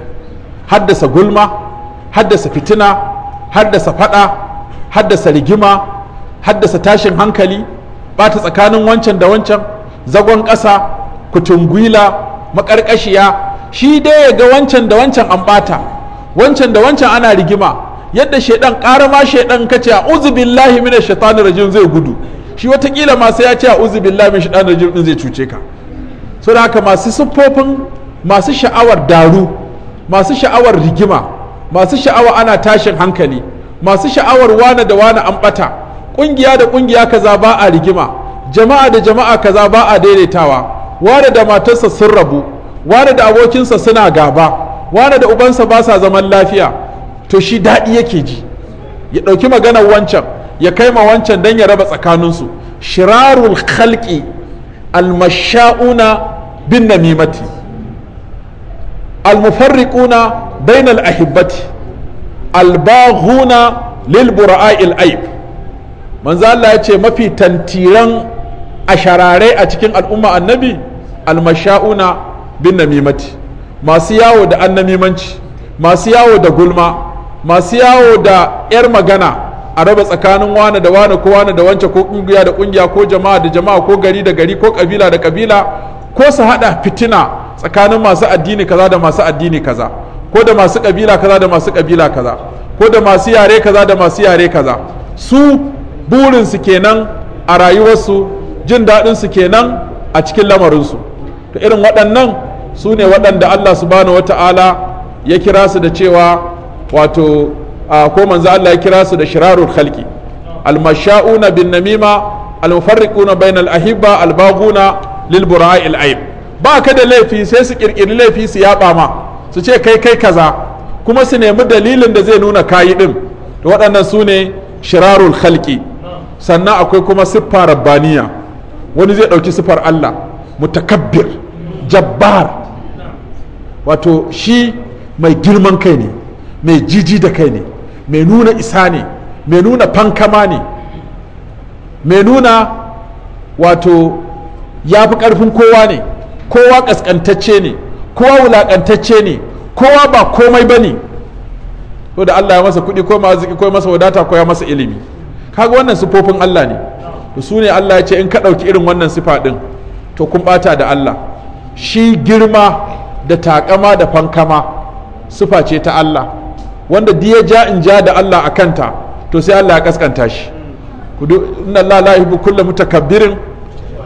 haddasa gulma haddasa fitina haddasa fada haddasa rigima haddasa tashin hankali bata tsakanin wancan da wancan zagon ƙasa kutungwila maƙarƙashiya shi dai ya ga wancan da wancan an bata wancan da wancan ana rigima yadda shaidan ƙara ma shaidan ka ce a uzubin lahimin shaitanir rajin zai gudu shi watakila masu ya ce a uzubin lahimin shaitanir rajin din zai cuce ka so da haka masu siffofin masu sha'awar daru masu sha'awar rigima masu sha'awa ana tashin hankali masu sha'awar wane da wane an bata ƙungiya da ƙungiya kaza ba a rigima jama'a da jama'a kaza ba a daidaitawa wane da matarsa sun rabu wane da abokinsa suna gaba wane da ubansa ba sa zaman lafiya to shi daɗi yake ji ya ɗauki maganar wancan ya kai ma wancan don ya raba tsakaninsu shirarul khalqi almasha'una bin namimati almufarriquna bainal ahibbati albaghuna lil bura'il aib manzo Allah ya ce mafi tantiran asharare a cikin al'umma annabi almasha'una bin namimati masu yawo da annamimanci masu yawo da gulma masu yawo da 'yar magana a raba tsakanin wane da wane ko wane da wance ko kungiya da kungiya ko jama'a da jama'a ko gari da gari ko kabila da kabila ko su hada fitina tsakanin masu addini kaza da masu addini kaza ko da masu kabila kaza da masu kabila kaza ko da masu yare kaza da masu yare kaza su burinsu kenan a rayuwarsu jin su kenan a cikin lamarinsu to irin waɗannan su ne waɗanda allah subhanahu wata'ala ya kira su da cewa wato ko manzo Allah ya kira su da shirarul khalqi almasha'una bin namima almufarriquna bainal ahibba albaguna lil bura'il aib ba ka da laifi sai su kirkiri laifi su yaba ma su ce kai kai kaza kuma su nemi dalilin da zai nuna kayi din to waɗannan su ne shirarul khalqi sannan akwai kuma siffarabbaniya rabbaniya wani zai ɗauki siffar Allah mutakabbir jabbar wato shi mai girman kai ne mai jiji da kai ne mai nuna isa ne mai nuna fankama ne mai nuna wato ya fi ƙarfin kowa ne kowa kaskantacce ne kowa wulakantacce ne kowa ba komai ba ne to da Allah ya masa kuɗi ko arziki ko masa wadata ko ya masa ilimi kaga wannan sufofin Allah ne su ne Allah ya ce in ka ɗauki irin wannan sifa ɗin to kun ɓata da Allah shi girma da taƙama da fankama sufa ce ta Allah wanda diya ja in ja da Allah a kanta to sai Allah ya kaskanta shi inna Allah la yuhibbu kullu mutakabbirin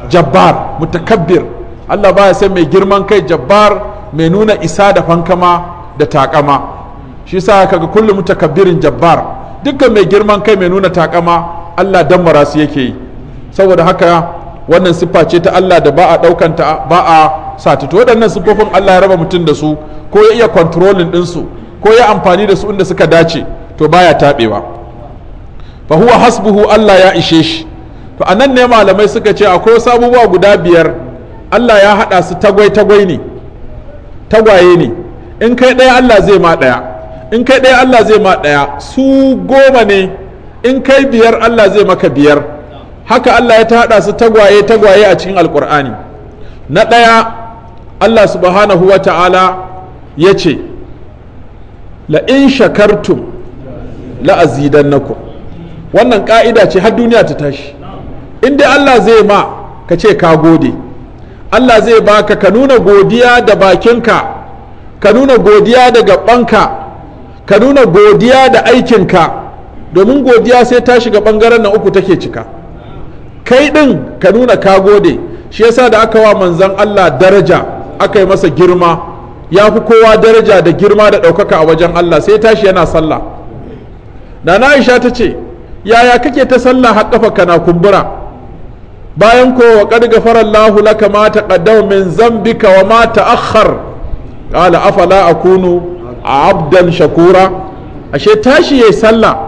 jabbar mutakabbir Allah baya san mai girman kai jabbar mai nuna isa da fankama da takama shi yasa kaga kullu mutakabbirin jabbar dukkan mai girman kai mai nuna takama Allah dan su yake yi saboda haka wannan siffa ce ta Allah da ba a daukanta ba a sata to waɗannan siffofin Allah ya raba mutum da su ko ya iya controlling ɗinsu ko ya amfani da su inda suka dace to baya taɓewa fa huwa hasbuhu Allah ya ishe shi to a nan ne malamai suka ce akwai wasu abubuwa guda biyar Allah ya haɗa su tagwai tagwai ne tagwaye ne in kai ɗaya Allah zai ma ɗaya in kai ɗaya Allah zai ma ɗaya su goma ne in kai biyar Allah zai maka biyar haka Allah ya ta haɗa su tagwaye tagwaye a cikin alkur'ani na ɗaya Allah subhanahu wa ta'ala ya ce la in shakartum la azidannakum wannan ka'ida ce har duniya ta tashi in dai Allah zai ma ka ce ka gode Allah zai baka ka nuna godiya da bakinka ka nuna godiya da gabanka ka nuna godiya da aikinka domin godiya sai ta shiga bangaren na uku take cika kai din ka nuna ka gode shi yasa da aka wa manzan Allah daraja aka yi masa girma ya fi kowa daraja da girma da ɗaukaka a wajen Allah sai tashi yana sallah na na aisha ta ce yaya kake ta sallah har kana na kumbura bayan ko wa qad ghafara Allahu laka ma taqaddama min zambika wa ma ta'akhkhar qala afala a abdan shakura ashe tashi yayi sallah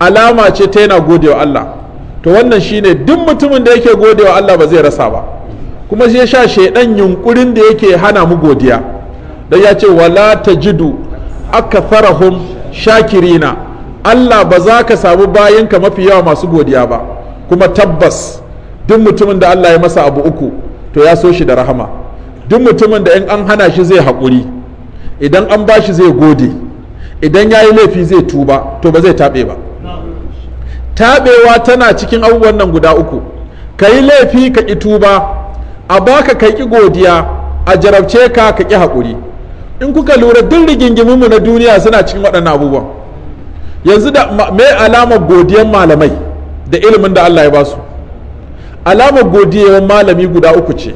alama ce ta yana godewa Allah to wannan shine duk mutumin da yake godewa Allah ba zai rasa ba kuma sai sha shaidan yunkurin da yake hana mu godiya dan ya ce wala ta jidu aka akatharahum shakirina Allah ba za ka samu bayanka mafi yawa masu godiya ba kuma tabbas duk mutumin da Allah ya masa abu uku to ya so shi da rahama duk mutumin da in an hana shi zai haƙuri idan an ba shi zai gode idan ya yi laifi zai tuba to ba zai taɓe ba taɓewa tana cikin abubuwan nan guda uku ka yi laifi ka ƙi tuba a baka ka ƙi godiya a jarabce ka ka ƙi haƙuri in kuka lura duk rigingiminmu na duniya suna cikin waɗannan abubuwan yanzu da me alamar godiyar malamai da ilimin da Allah ya basu su alamar godiyar malami guda uku ce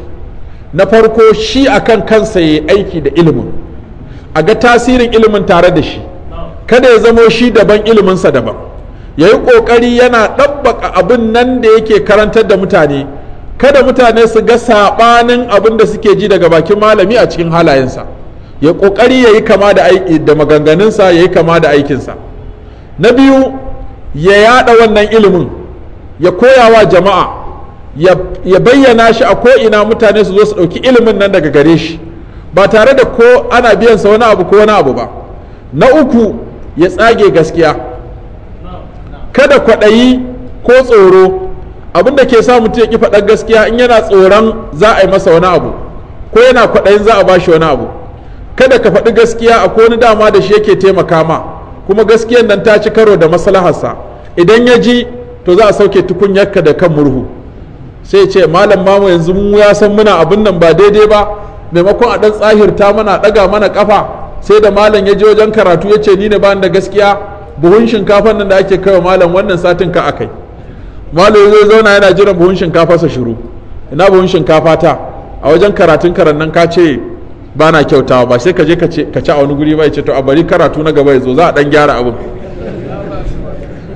na farko shi akan kansa ya aiki da ilimin a ga tasirin ilimin tare da shi kada ya zamo shi daban iliminsa daban ya yi ƙoƙari yana ɗabbaka abin nan da yake karantar da mutane kada mutane su ga saɓanin abin da suke ji daga bakin malami a cikin halayensa ya ƙoƙari ya yi kama da maganganunsa ya yi kama da aikinsa na biyu ya yada wannan ilimin ya koyawa jama'a ya bayyana shi a ko'ina mutane su zo su ɗauki ilimin nan daga gare shi ba tare da ko ana biyansa wani abu ko wani abu ba na uku ya tsage gaskiya kada kwaɗayi ko tsoro abin da ke sa mutum ya ƙi faɗar gaskiya in yana tsoron za a yi masa wani abu ko yana kwaɗayin za a ba shi wani abu kada ka faɗi gaskiya a wani dama da shi yake taimaka ma kuma gaskiyan nan ta ci karo da maslaharsa idan ya ji to za a sauke tukunyarka da kan murhu sai ce malam mamu yanzu mu ya san muna abin nan ba daidai ba maimakon a ɗan tsahirta mana ɗaga mana ƙafa sai da malam ya je wajen karatu ya ce ni ne bani da gaskiya buhun shinkafa nan da ake kaiwa malam wannan satin ka akai malam ya zauna yana jiran buhun shinkafa sa shiru ina buhun shinkafa ta a wajen karatun karan nan ka ce ba na kyautawa ba sai ka je ka ci a wani guri ba ya ce to a bari karatu na gaba ya zo za a dan gyara abin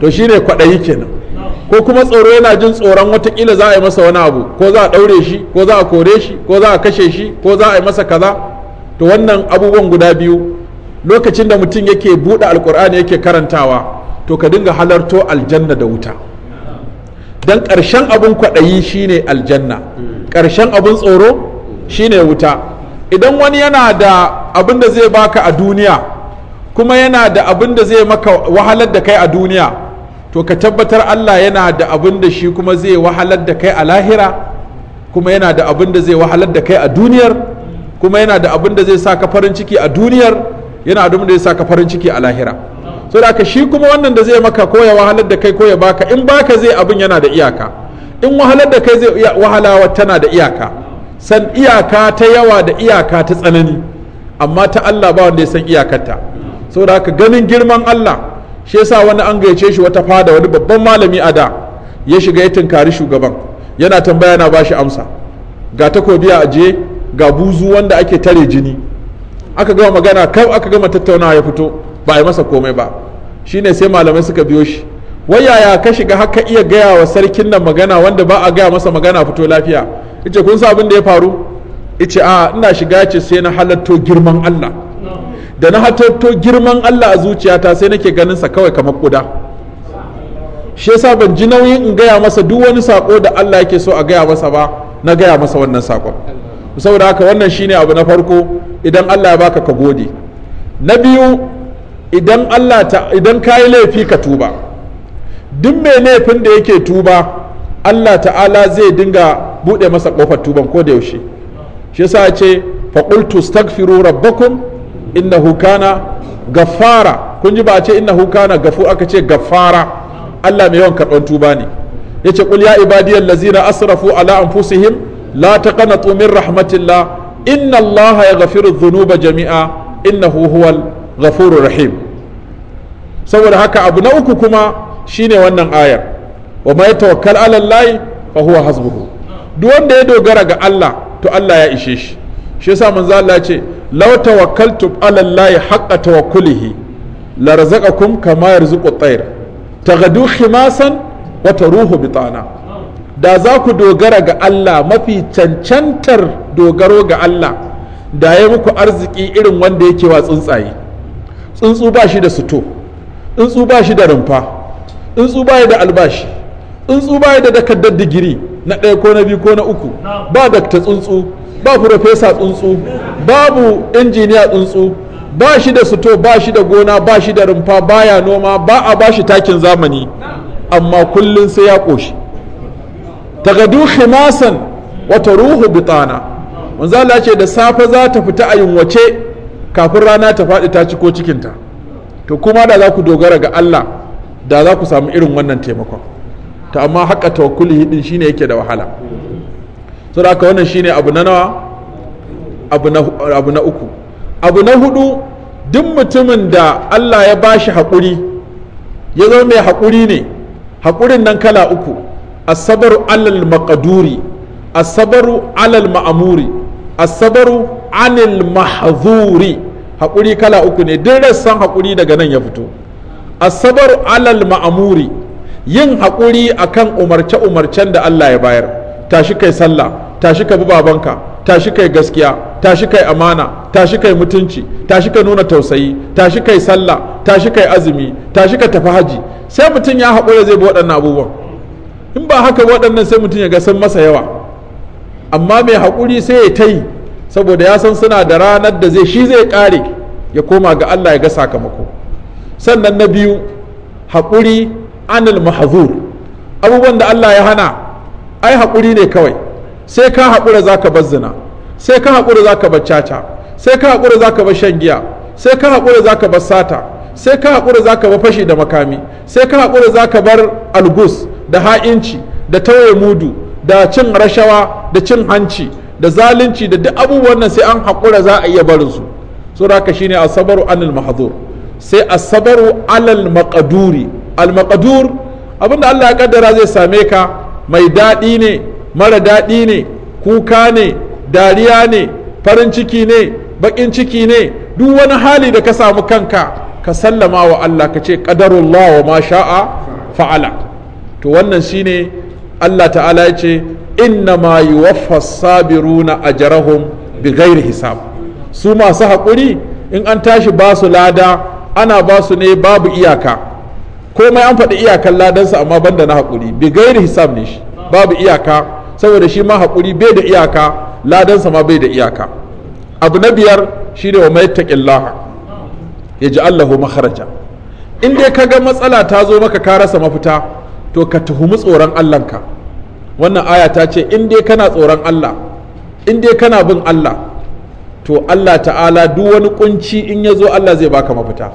to shi ne kwaɗayi kenan ko kuma tsoro yana jin tsoron watakila za a yi masa wani abu ko za a ɗaure shi ko za a kore shi ko za a kashe shi ko za a yi masa kaza to wannan abubuwan guda biyu lokacin da mutum yake buɗe alƙur'ani yake karantawa to ka dinga halarto aljanna da wuta dan ƙarshen abun kwaɗayi shine aljanna ƙarshen abun tsoro shine wuta idan wani yana da abin da zai baka a duniya kuma yana da abin da zai maka wahalar da kai a duniya to ka tabbatar Allah yana da abin da shi kuma zai wahalar da kai a lahira kuma yana da abin da zai wahalar da kai a duniyar kuma yana da abin da zai sa ka farin ciki a duniyar yana da abin da zai sa ka farin ciki a lahira so da ka shi kuma wannan da zai maka ko ya wahalar da kai ko ya baka in baka zai abin yana da iyaka in wahalar da kai zai wahalawa tana da iyaka san iyaka ta yawa da iyaka ta tsanani amma ta Allah ba wanda ya san iyakarta saboda haka ganin girman Allah shi yasa wani an gayyace shi wata fada wani babban malami a da ya shiga ya tunkari shugaban yana tambaya yana bashi amsa ga takobi a je ga buzu wanda ake tare jini aka gama magana kai aka gama tattaunawa ya fito ba a yi masa komai ba shine sai malamai suka biyo shi wai yaya ka shiga haka iya gaya wa sarkin nan magana wanda ba a gaya masa magana fito lafiya ce kun sa da ya faru ce a ina shiga ce sai na halatto girman Allah da na halatto girman Allah a zuciyata sai nake ganin sa kawai kamar kuda shi yasa ban ji nauyin in gaya masa duk wani sako da Allah yake so a gaya masa ba na gaya masa wannan sakon saboda haka wannan shine abu na farko idan Allah ya baka ka gode na biyu idan Allah ta idan kayi laifi ka tuba duk mai laifin da yake tuba Allah ta'ala zai dinga buɗe masa ƙofar tuban ko da yaushe shi yasa ce faqultu astaghfiru rabbakum innahu kana gafara. kun ji ba a ce innahu kana gafu aka ce gafara. Allah mai yawan karɓar tuba ne yace qul ya ibadiyal ladzina asrafu ala anfusihim la taqanatu min rahmatillah inna Allah yaghfiru dhunuba jami'a innahu huwal ghafurur rahim saboda haka abu na uku kuma shine wannan ayar wa may tawakkal ala Allah fa huwa hasbuhu duk wanda ya dogara ga Allah to Allah ya ishe shi shi yasa manzo Allah ya ce law tawakkaltu ala Allah haqqa tawakkulihi la razaqakum kama yarzuqu at-tayr taghdu khimasan wa taruhu bitana da za ku dogara ga Allah mafi cancantar dogaro ga Allah da ya muku arziki irin wanda yake wa tsuntsaye tsuntsu ba shi da suto tsuntsu ba shi da rumfa tsuntsu ba da albashi tsuntsu ba da takardar digiri na ɗaya ko na biyu ko na uku ba dakta tsuntsu ba furofesa tsuntsu babu injiniya tsuntsu ba shi da suto ba shi da gona ba shi da rumfa ba ya noma ba a ba shi takin zamani amma kullum sai ya ƙoshi tagadu khimasan wata ruhu bitana manzala ce da safe za ta fita a yunwace kafin rana ta faɗi ta ciko cikinta to kuma da za ku dogara ga allah da za ku samu irin wannan taimakon ta amma haka tawakkuli din shine yake da wahala so da wannan shine abu na nawa abu na uku abu na hudu duk mutumin da Allah ya bashi haƙuri ya zo mai haƙuri ne haƙurin nan kala uku asabaru alal maqduri asabaru alal ma'amuri asabaru anil mahzuri haƙuri kala uku ne duk rassan haƙuri daga nan ya fito asabaru alal ma'amuri yin haƙuri akan umarce-umarcen da Allah ya bayar tashi kai sallah tashi kai bi babanka tashi kai gaskiya tashi kai amana tashi kai mutunci tashi kai nuna tausayi tashi kai sallah tashi kai azumi tashi ka tafi haji sai mutum ya haƙura zai bi waɗannan abubuwan in ba haka waɗannan sai mutum ya ga sun masa yawa amma mai haƙuri sai ya ta saboda ya san suna da ranar da zai shi zai ƙare ya koma ga Allah ya ga sakamako sannan na biyu haƙuri anil mahzur abubuwan da Allah ya hana ai haƙuri ne kawai sai ka haƙura zaka bar zina sai ka haƙura zaka bar caca sai ka haƙura zaka bar shan giya sai ka haƙura zaka bar sata sai ka haƙura zaka bar fashi da makami sai ka haƙura zaka bar algus da ha'inci da tauye mudu da cin rashawa da cin hanci da zalunci da duk abubuwan nan sai an haƙura za a iya barin su so haka shine asabaru anil mahzur sai asabaru alal maqduri almakadur abinda allah ya kaddara zai same ka mai daɗi ne mara daɗi ne kuka ne dariya ne farin ciki ne baƙin ciki ne duk wani hali da ka samu kanka ka sallama wa allah ka ce ƙadarullah wa ma sha'a fa'ala to wannan shine allah ta'ala ya ce inna ma yuwaffa sabiruna a jarahun hisab su masu haƙuri in an tashi ba su lada ana ba su ne babu iyaka komai an faɗi iyakan ladansa amma banda na haƙuri bi gairi hisab ne shi babu iyaka saboda shi ma haƙuri bai da iyaka ladansa ma bai da iyaka abu na biyar shi ne wa laha ya ji allahu makaraja in dai ka ga matsala ta zo maka ka rasa mafita to ka tuhumi tsoron allahnka wannan aya ta ce in dai kana tsoron allah in dai kana bin allah to allah ta'ala duk wani kunci in ya zo allah zai baka mafita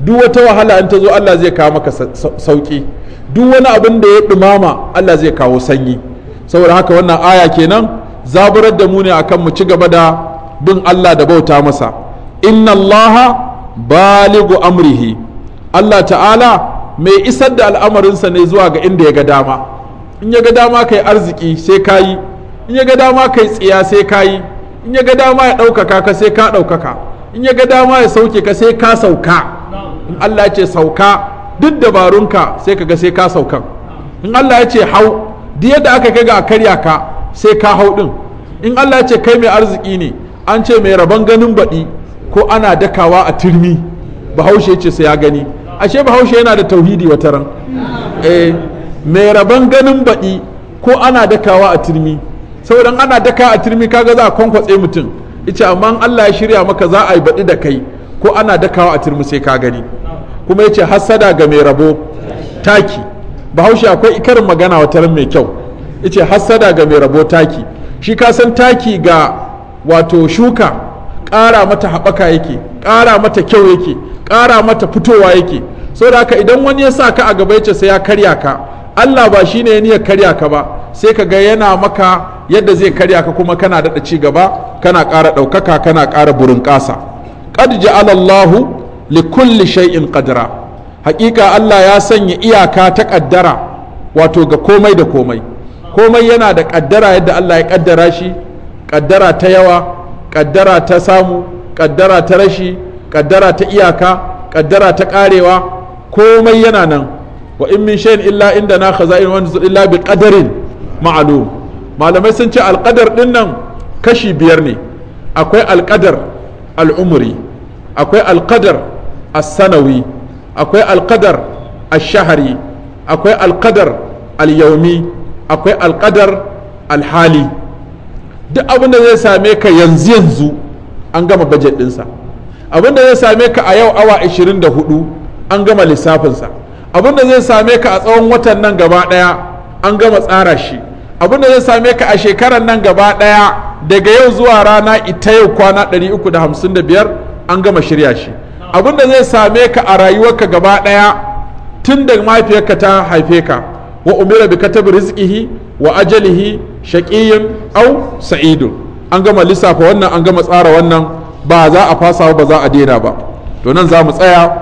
duk wata wahala in ta zo Allah zai kawo maka sauki duk wani abin da ya dumama Allah zai kawo sanyi saboda haka wannan aya kenan zaburar da mu ne akan mu ci gaba da bin Allah da bauta masa inna allaha baligu amrihi Allah ta'ala mai isar da al'amarinsa ne zuwa ga inda ya ga dama in ya ga dama kai arziki sai kayi in ya ga dama kai tsiya sai kayi in ya ga dama ya ɗaukaka ka sai ka ɗaukaka in ya ga dama ya sauke ka sai ka sauka in Allah ya ce sauka duk dabarun ka sai ka ga sai ka saukan in Allah ya ce hau duk yadda aka kai ga a karya ka sai ka hau din in Allah ya ce kai mai arziki ne an ce mai rabon ganin baɗi ko ana dakawa a turmi bahaushe ce sai ya gani ashe bahaushe yana da tauhidi ran eh mai rabon ganin baɗi ko ana dakawa a turmi saboda ana daka a turmi kaga za a kwankwatse mutum ita amma Allah ya shirya maka za a yi baɗi da kai ko ana dakawa a turmi sai ka gani kuma ya ce hassada ga mai rabo taki bahaushe akwai ikarin magana wata mai kyau ya ce hassada ga mai rabo taki shi ka san taki ga wato shuka ƙara mata haɓaka yake ƙara mata kyau yake ƙara mata fitowa yake saboda haka idan wani ya sa ka a gaba ya ce sai ya karya ka Allah ba shine ya karya ka ba sai ka ga yana maka yadda zai karya ka kuma kana daɗa ci gaba kana ƙara ɗaukaka kana ƙara burin ƙasa qad ja'ala Allahu li kulli shay'in qadra haƙiƙa Allah ya sanya iyaka ta ƙaddara wato ga komai da komai komai yana da ƙaddara yadda Allah ya ƙaddara shi ƙaddara ta yawa ƙaddara ta samu ƙaddara ta rashi ƙaddara ta iyaka ƙaddara ta ƙarewa komai yana nan wa in min shay'in illa na khaza'in wa illa bi qadarin ma'lum malamai sun ce alƙadar ɗin nan kashi biyar ne akwai alƙadar al'umuri akwai alƙadar as-sanawi akwai alƙadar ash-shahari akwai alƙadar alyaumi akwai alƙadar alhali. duk abin da zai same ka yanzu yanzu an gama bajet ɗinsa abin da zai same ka a yau awa 24 an gama lissafinsa abin da zai same ka a tsawon watan nan gaba ɗaya an gama tsara shi abin da zai same ka a shekarar nan gaba ɗaya daga yau zuwa rana ita yau kwana 355 an gama shirya shi abin da zai same ka a rayuwarka gaba ɗaya tun da mahaifiyarka ta haife ka wa umira bi katabi rizqihi wa ajalihi shaƙiyin au sa'idu. an gama lissafa wannan an gama tsara wannan ba za a fasa ba za a daina ba to nan za mu tsaya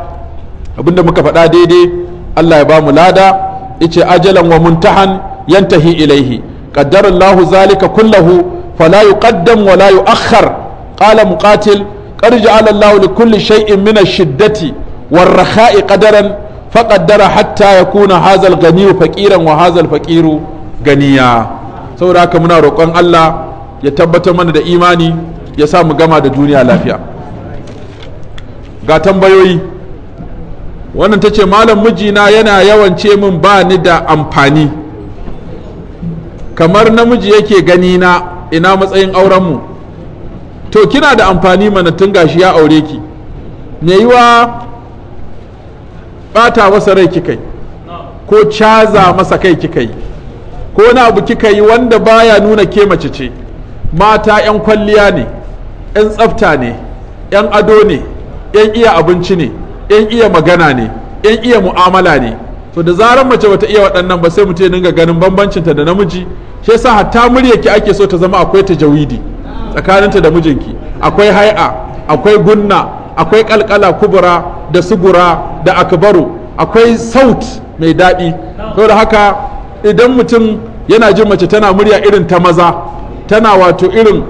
abinda muka faɗa daidai Allah ya ba mu lada ice ajalan wa muntahan yan tahi ilaihi qaddara Allahu zalika kullahu fala yuqaddam wa la yuakhkhar qala muqatil qad ja'ala Allahu kulli shay'in min ash-shiddati war-rakha'i qadaran faqaddara hatta yakuna hadha al-ghaniyu faqiran wa hadha al ganiya saboda haka muna roƙon Allah ya tabbatar mana da imani ya sa mu gama da duniya lafiya ga tambayoyi wannan ta ce malam mijina yana yawance min ba ni da amfani kamar namiji yake gani na ina matsayin aurenmu to kina da amfani mana tun gashi ya aure ki me yiwa bata masa rai kika yi ko caza masa kai kika yi ko na abu kika yi wanda baya nuna ke mace ce mata 'yan kwalliya ne 'yan tsafta ne 'yan ado ne 'yan iya abinci ne 'yan iya magana ne 'yan iya mu'amala ne to da zarar mace bata iya waɗannan ba sai mutum ya dinga ganin bambancinta da namiji shi yasa hatta ki ake so ta zama akwai ta tajawidi tsakaninta da mijinki akwai hai'a akwai gunna akwai kalkala kubura da sugura da akbaru akwai saut mai daɗi saboda haka idan mutum yana jin mace tana murya irin ta maza tana wato irin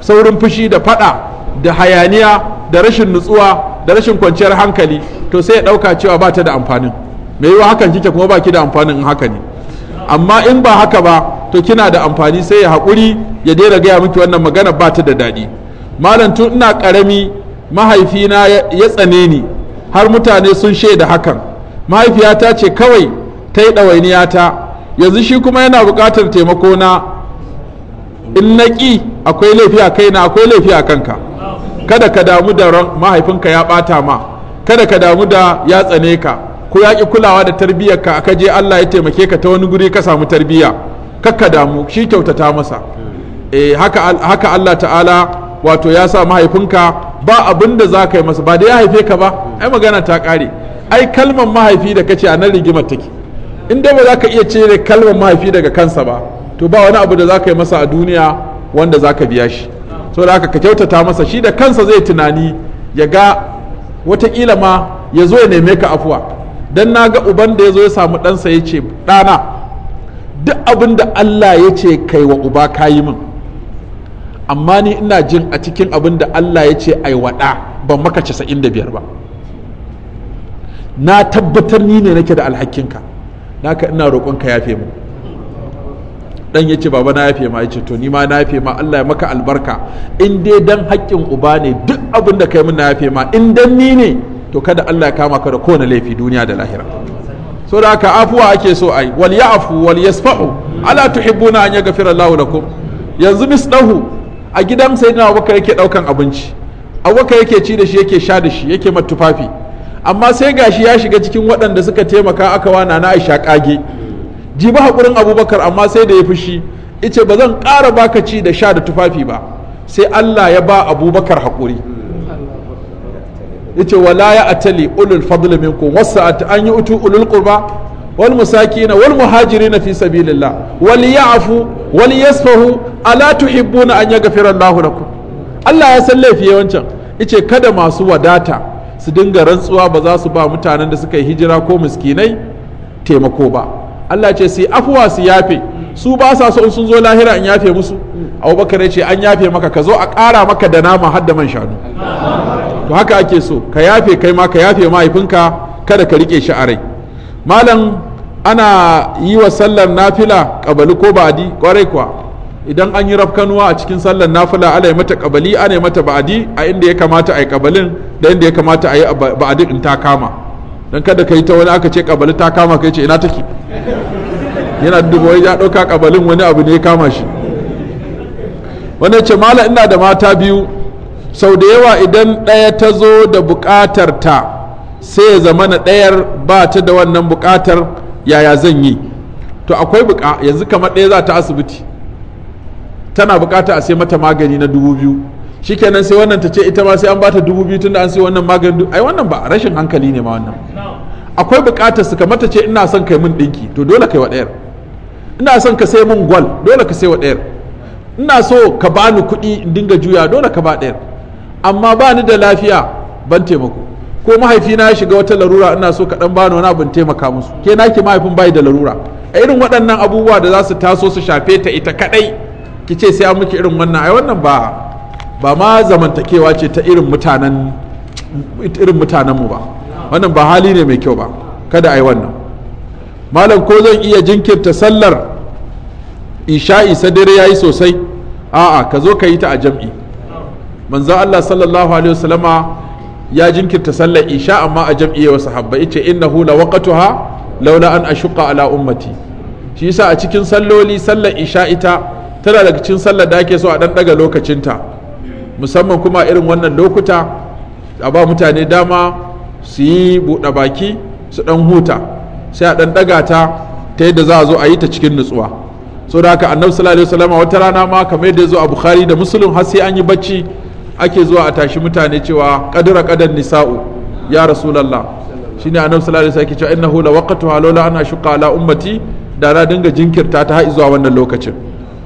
saurin fushi da fada da hayaniya da rashin nutsuwa da rashin kwanciyar hankali to sai ya ɗauka cewa ba ta da amfanin me yiwa hakan kike kuma baki da amfanin in haka ne amma in ba haka ba to kina da amfani sai ya haƙuri ya daina gaya miki wannan magana ba ta da daɗi malam tun ina ƙarami mahaifina ya tsane ni har mutane sun shaida hakan mahaifiyata ce kawai ta yi ɗawainiyata yanzu shi kuma yana buƙatar taimako na in na ƙi akwai laifi a kaina akwai laifi a kanka kada ka damu da mahaifinka ya ɓata ma kada ka damu da ya tsane ka ko ya ƙi kulawa da tarbiyyar ka ka je Allah ya taimake ka ta wani guri ka samu tarbiyya kakka damu shi kyautata masa eh, haka haka Allah ta'ala wato ya sa mahaifinka ba abin da za ka yi masa ba da ya haife ka ba ai magana ta kare ai kalmar mahaifi da kace a nan rigimar take in dai ba za ka iya cire kalmar mahaifi daga kansa ba to ba wani abu da za ka yi masa a duniya wanda za ka biya shi so haka ka kyautata masa shi da kansa zai tunani ya ga watakila ma ya zo ya neme ka afuwa don na ga uban da ya zo ya samu ɗansa ya ce ɗana duk abin da Allah ya ce kai wa uba kayi min amma ni ina jin a cikin abin da Allah ya ce aiwaɗa ban maka casa'in da biyar ba na tabbatar ni ne nake da alhakinka naka ina roƙonka yafe mu dan ya ce baba na yafe ma ya ce to ni ma na yafe ma Allah ya maka albarka in dai dan haƙƙin uba ne duk abin da kai min na yafe ma in dan ni ne to kada Allah ya kama ka da kowane laifi duniya da lahira so da haka afuwa ake so ai wal ya'fu wal yasfahu ala tuhibbuna an yaghfira Allahu lakum yanzu misdahu a gidan sayyidina Abubakar yake daukan abinci Abubakar yake ci da shi yake sha da shi yake tufafi amma sai gashi ya shiga cikin waɗanda suka taimaka aka wana na Aisha kage jibi hakurin Abubakar amma sai da ya fushi ice ba zan ƙara baka ci da sha da tufafi ba sai Allah ya ba Abubakar hakuri yace wala ya atali ulul fadl minkum wasa'at an yu'tu ulul qurba wal musakin wal muhajirin fi sabilillah wal ya'fu wal yasfahu ala tuhibbuna an yaghfira Allahu lakum Allah ya san laifi wancan yace kada masu wadata su dinga rantsuwa ba za su ba mutanen da suka yi hijira ko miskinai taimako ba Allah ce sai afuwa su yafe su ba sa so in sun zo lahira in yafe musu abubakar ya ce an yafe maka ka zo a ƙara maka da nama har da man shanu to haka ake so ka yafe kai ma ka yafe mahaifinka kada ka rike shi a rai malam ana yi wa sallar nafila kabali ko ba'adi kwarai kuwa idan an yi rafkanuwa a cikin sallar nafila ana yi mata kabali ana yi mata ba'adi a inda ya kamata a yi kabalin da inda ya kamata a yi ba'adi in ta kama don kada ka yi ta wani aka ce kabali ta kama kai ce ina take yana duba ya ɗauka ƙabalin wani abu ne ya kama shi wani ce mala ina da mata biyu sau da yawa idan ɗaya ta zo da buƙatar ta sai ya zama na ɗayar ba ta da wannan buƙatar yaya zan yi to akwai buƙa yanzu kamar ɗaya za ta asibiti tana buƙata a sai mata magani na dubu biyu shikenan sai wannan ta ce ita ma sai an ba ta dubu biyu tunda an sai wannan magani ai wannan ba rashin hankali ne ma wannan akwai bukatar su mata ce ina son kai mun dinki to dole kai wa ɗayar ina son ka sai mun gwal dole ka sai wa ɗayar ina so ka bani kuɗi in dinga juya dole ka ba ɗayar amma ba ni da lafiya ban taimako ko mahaifina ya shiga wata larura ina so ka dan bani wani abin taimaka musu ke na ki mahaifin bai da larura a irin waɗannan abubuwa da za su taso su shafe ta ita kaɗai ki ce sai an miki irin wannan ai wannan ba ba ma zamantakewa ce ta irin mutanen irin mutanenmu ba wannan ba hali ne mai kyau ba kada a yi wannan malam ko zan iya jinkirta sallar isha'i sadare ya yi sosai a'a ka zo ka yi ta a jam'i manzan allah sallallahu alaihi wasallama ya jinkirta sallar isha amma a jam'i ya wasu habba ita innahu la waqatuha laula an ashuqa ala ummati shi yasa a cikin salloli sallar isha ita tana daga cikin sallar da ake so a dan daga lokacinta musamman kuma irin wannan lokuta a ba mutane dama su yi buɗe baki su ɗan huta sai a ɗan ɗaga ta ta yadda za a zo a yi ta cikin nutsuwa so da haka annabi sallallahu alaihi wasallam wata rana ma kamar yadda zo a bukhari da muslim har sai an yi bacci ake zuwa a tashi mutane cewa qadra qadan nisa'u ya rasulullah shine annabi sallallahu alaihi wasallam yake cewa innahu la waqtu lola ana shuqa ala ummati da na dinga jinkirta ta har zuwa wannan lokacin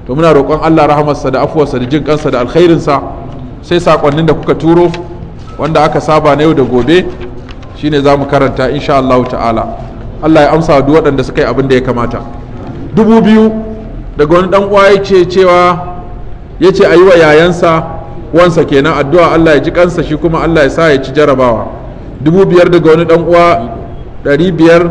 to muna roƙon Allah sa da afuwarsa da jin kansa da sa sai sakonnin da kuka turo wanda aka saba na yau da gobe shine za mu karanta insha Allah ta'ala Allah ya amsa duk waɗanda suka yi abin da ya kamata dubu biyu daga wani dan uwa yace cewa a yi wa yayansa wansa kenan addu'a Allah ya ji kansa shi kuma Allah ya sa ya ci jarabawa dubu biyar daga wani dan uwa ɗari biyar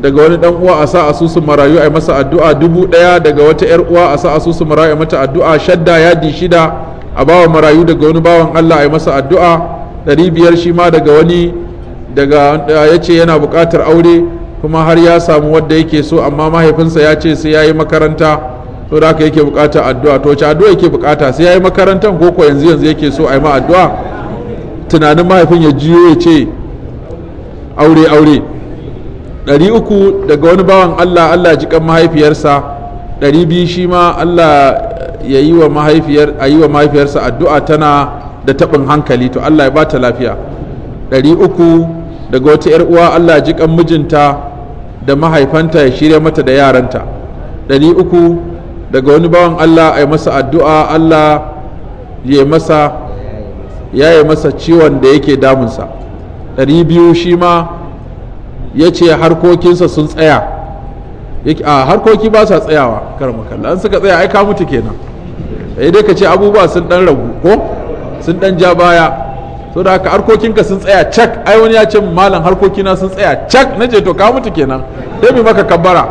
daga wani dan uwa a sa asusun marayu a masa addu'a dubu ɗaya daga wata yar uwa a sa asusun marayu a mata addu'a shadda yadi shida a bawa marayu daga wani bawan Allah a masa addu'a ɗari biyar shi ma daga wani daga ya ce yana buƙatar aure kuma har ya samu wadda yake so amma mahaifinsa ya ce sai ya yi makaranta to da haka yake buƙatar addu'a to ce addu'a yake buƙata sai ya yi makarantar ko ko yanzu yanzu yake so a yi ma addu'a tunanin mahaifin ya jiyo ya ce aure aure ɗari uku daga wani bawan allah allah jikan mahaifiyarsa ɗari biyu shi ma allah ya yi wa mahaifiyarsa addu'a tana da taɓin hankali to allah ya ba ta lafiya ɗari uku daga wata 'yar uwa allah ji kan mijinta da mahaifanta ya shirya mata da yaranta ɗari uku daga wani bawan allah a yi masa addu'a allah ya masa ya yi masa ciwon da yake damunsa ɗari biyu shi ma ya ce harkokinsa sun tsaya a harkoki ba sa tsayawa karmakalla an suka tsaya ai ka mutu kenan eh, dai ka ce abubuwa sun ɗan ragu ko sun ɗan ja baya so da haka harkokinka sun tsaya cak ai wani ya ce malam harkokina sun tsaya cak na je to ka mutu kenan dai bi maka kabbara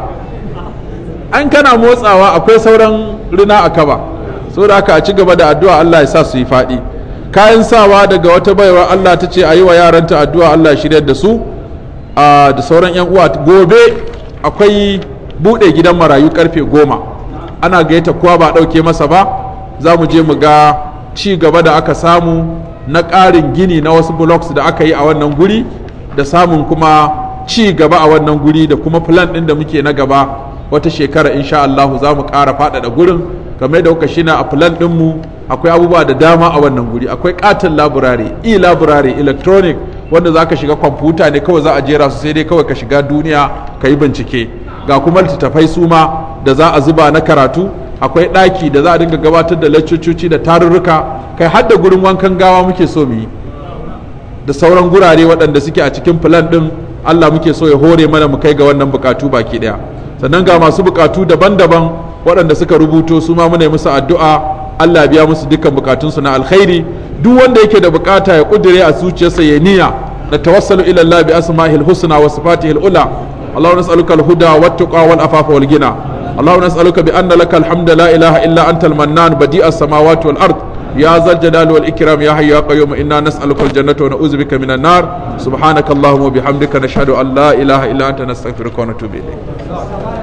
an kana motsawa akwai sauran rina a kaba so da haka a ci gaba da addu'a Allah ya sa su yi fadi kayan sawa daga wata baiwa Allah ta ce a yi wa yaranta addu'a Allah ya shiryar da su da sauran yan uwa gobe akwai bude gidan marayu karfe goma ana gaita kowa ba dauke masa ba za mu je mu ga ci gaba da aka samu na ƙarin gini na wasu blocks da aka yi a wannan guri da samun kuma ci gaba a wannan guri da kuma plan ɗin da muke na gaba wata shekara insha Allah za mu ƙara faɗaɗa gurin game da kuka shina a plan ɗinmu akwai abubuwa da dama a wannan guri akwai katin laburare e laburare electronic wanda za ka shiga kwamfuta ne kawai za a jera su sai dai kawai ka shiga duniya ka yi bincike ga kuma littattafai su ma da za a zuba na karatu akwai ɗaki da za a dinga gabatar da laccococi da tarurruka kai hadda gurin wankan gawa muke so mu yi da sauran gurare waɗanda suke a cikin filan ɗin allah muke so ya hore mana mu kai ga wannan bukatu baki ɗaya sannan ga masu bukatu daban-daban waɗanda suka rubuto su ma muna musu addu'a allah biya musu dukkan bukatunsu na alkhairi duk wanda yake da bukata ya kudire a zuciyarsa ya niya na tawassalu ila allah bi asma'il husna wa sifatihil ula اللهم نسألك الهدى والتقى والعفاف والغنى اللهم bi بأن لك الحمد لا إله إلا أنت المنان بديع wal والأرض ya zal jalali wal ya hayyu ya qayyum inna nas'aluka al jannata wa na'udzu bika minan nar subhanakallahumma wa bihamdika nashhadu an la ilaha illa anta nastaghfiruka wa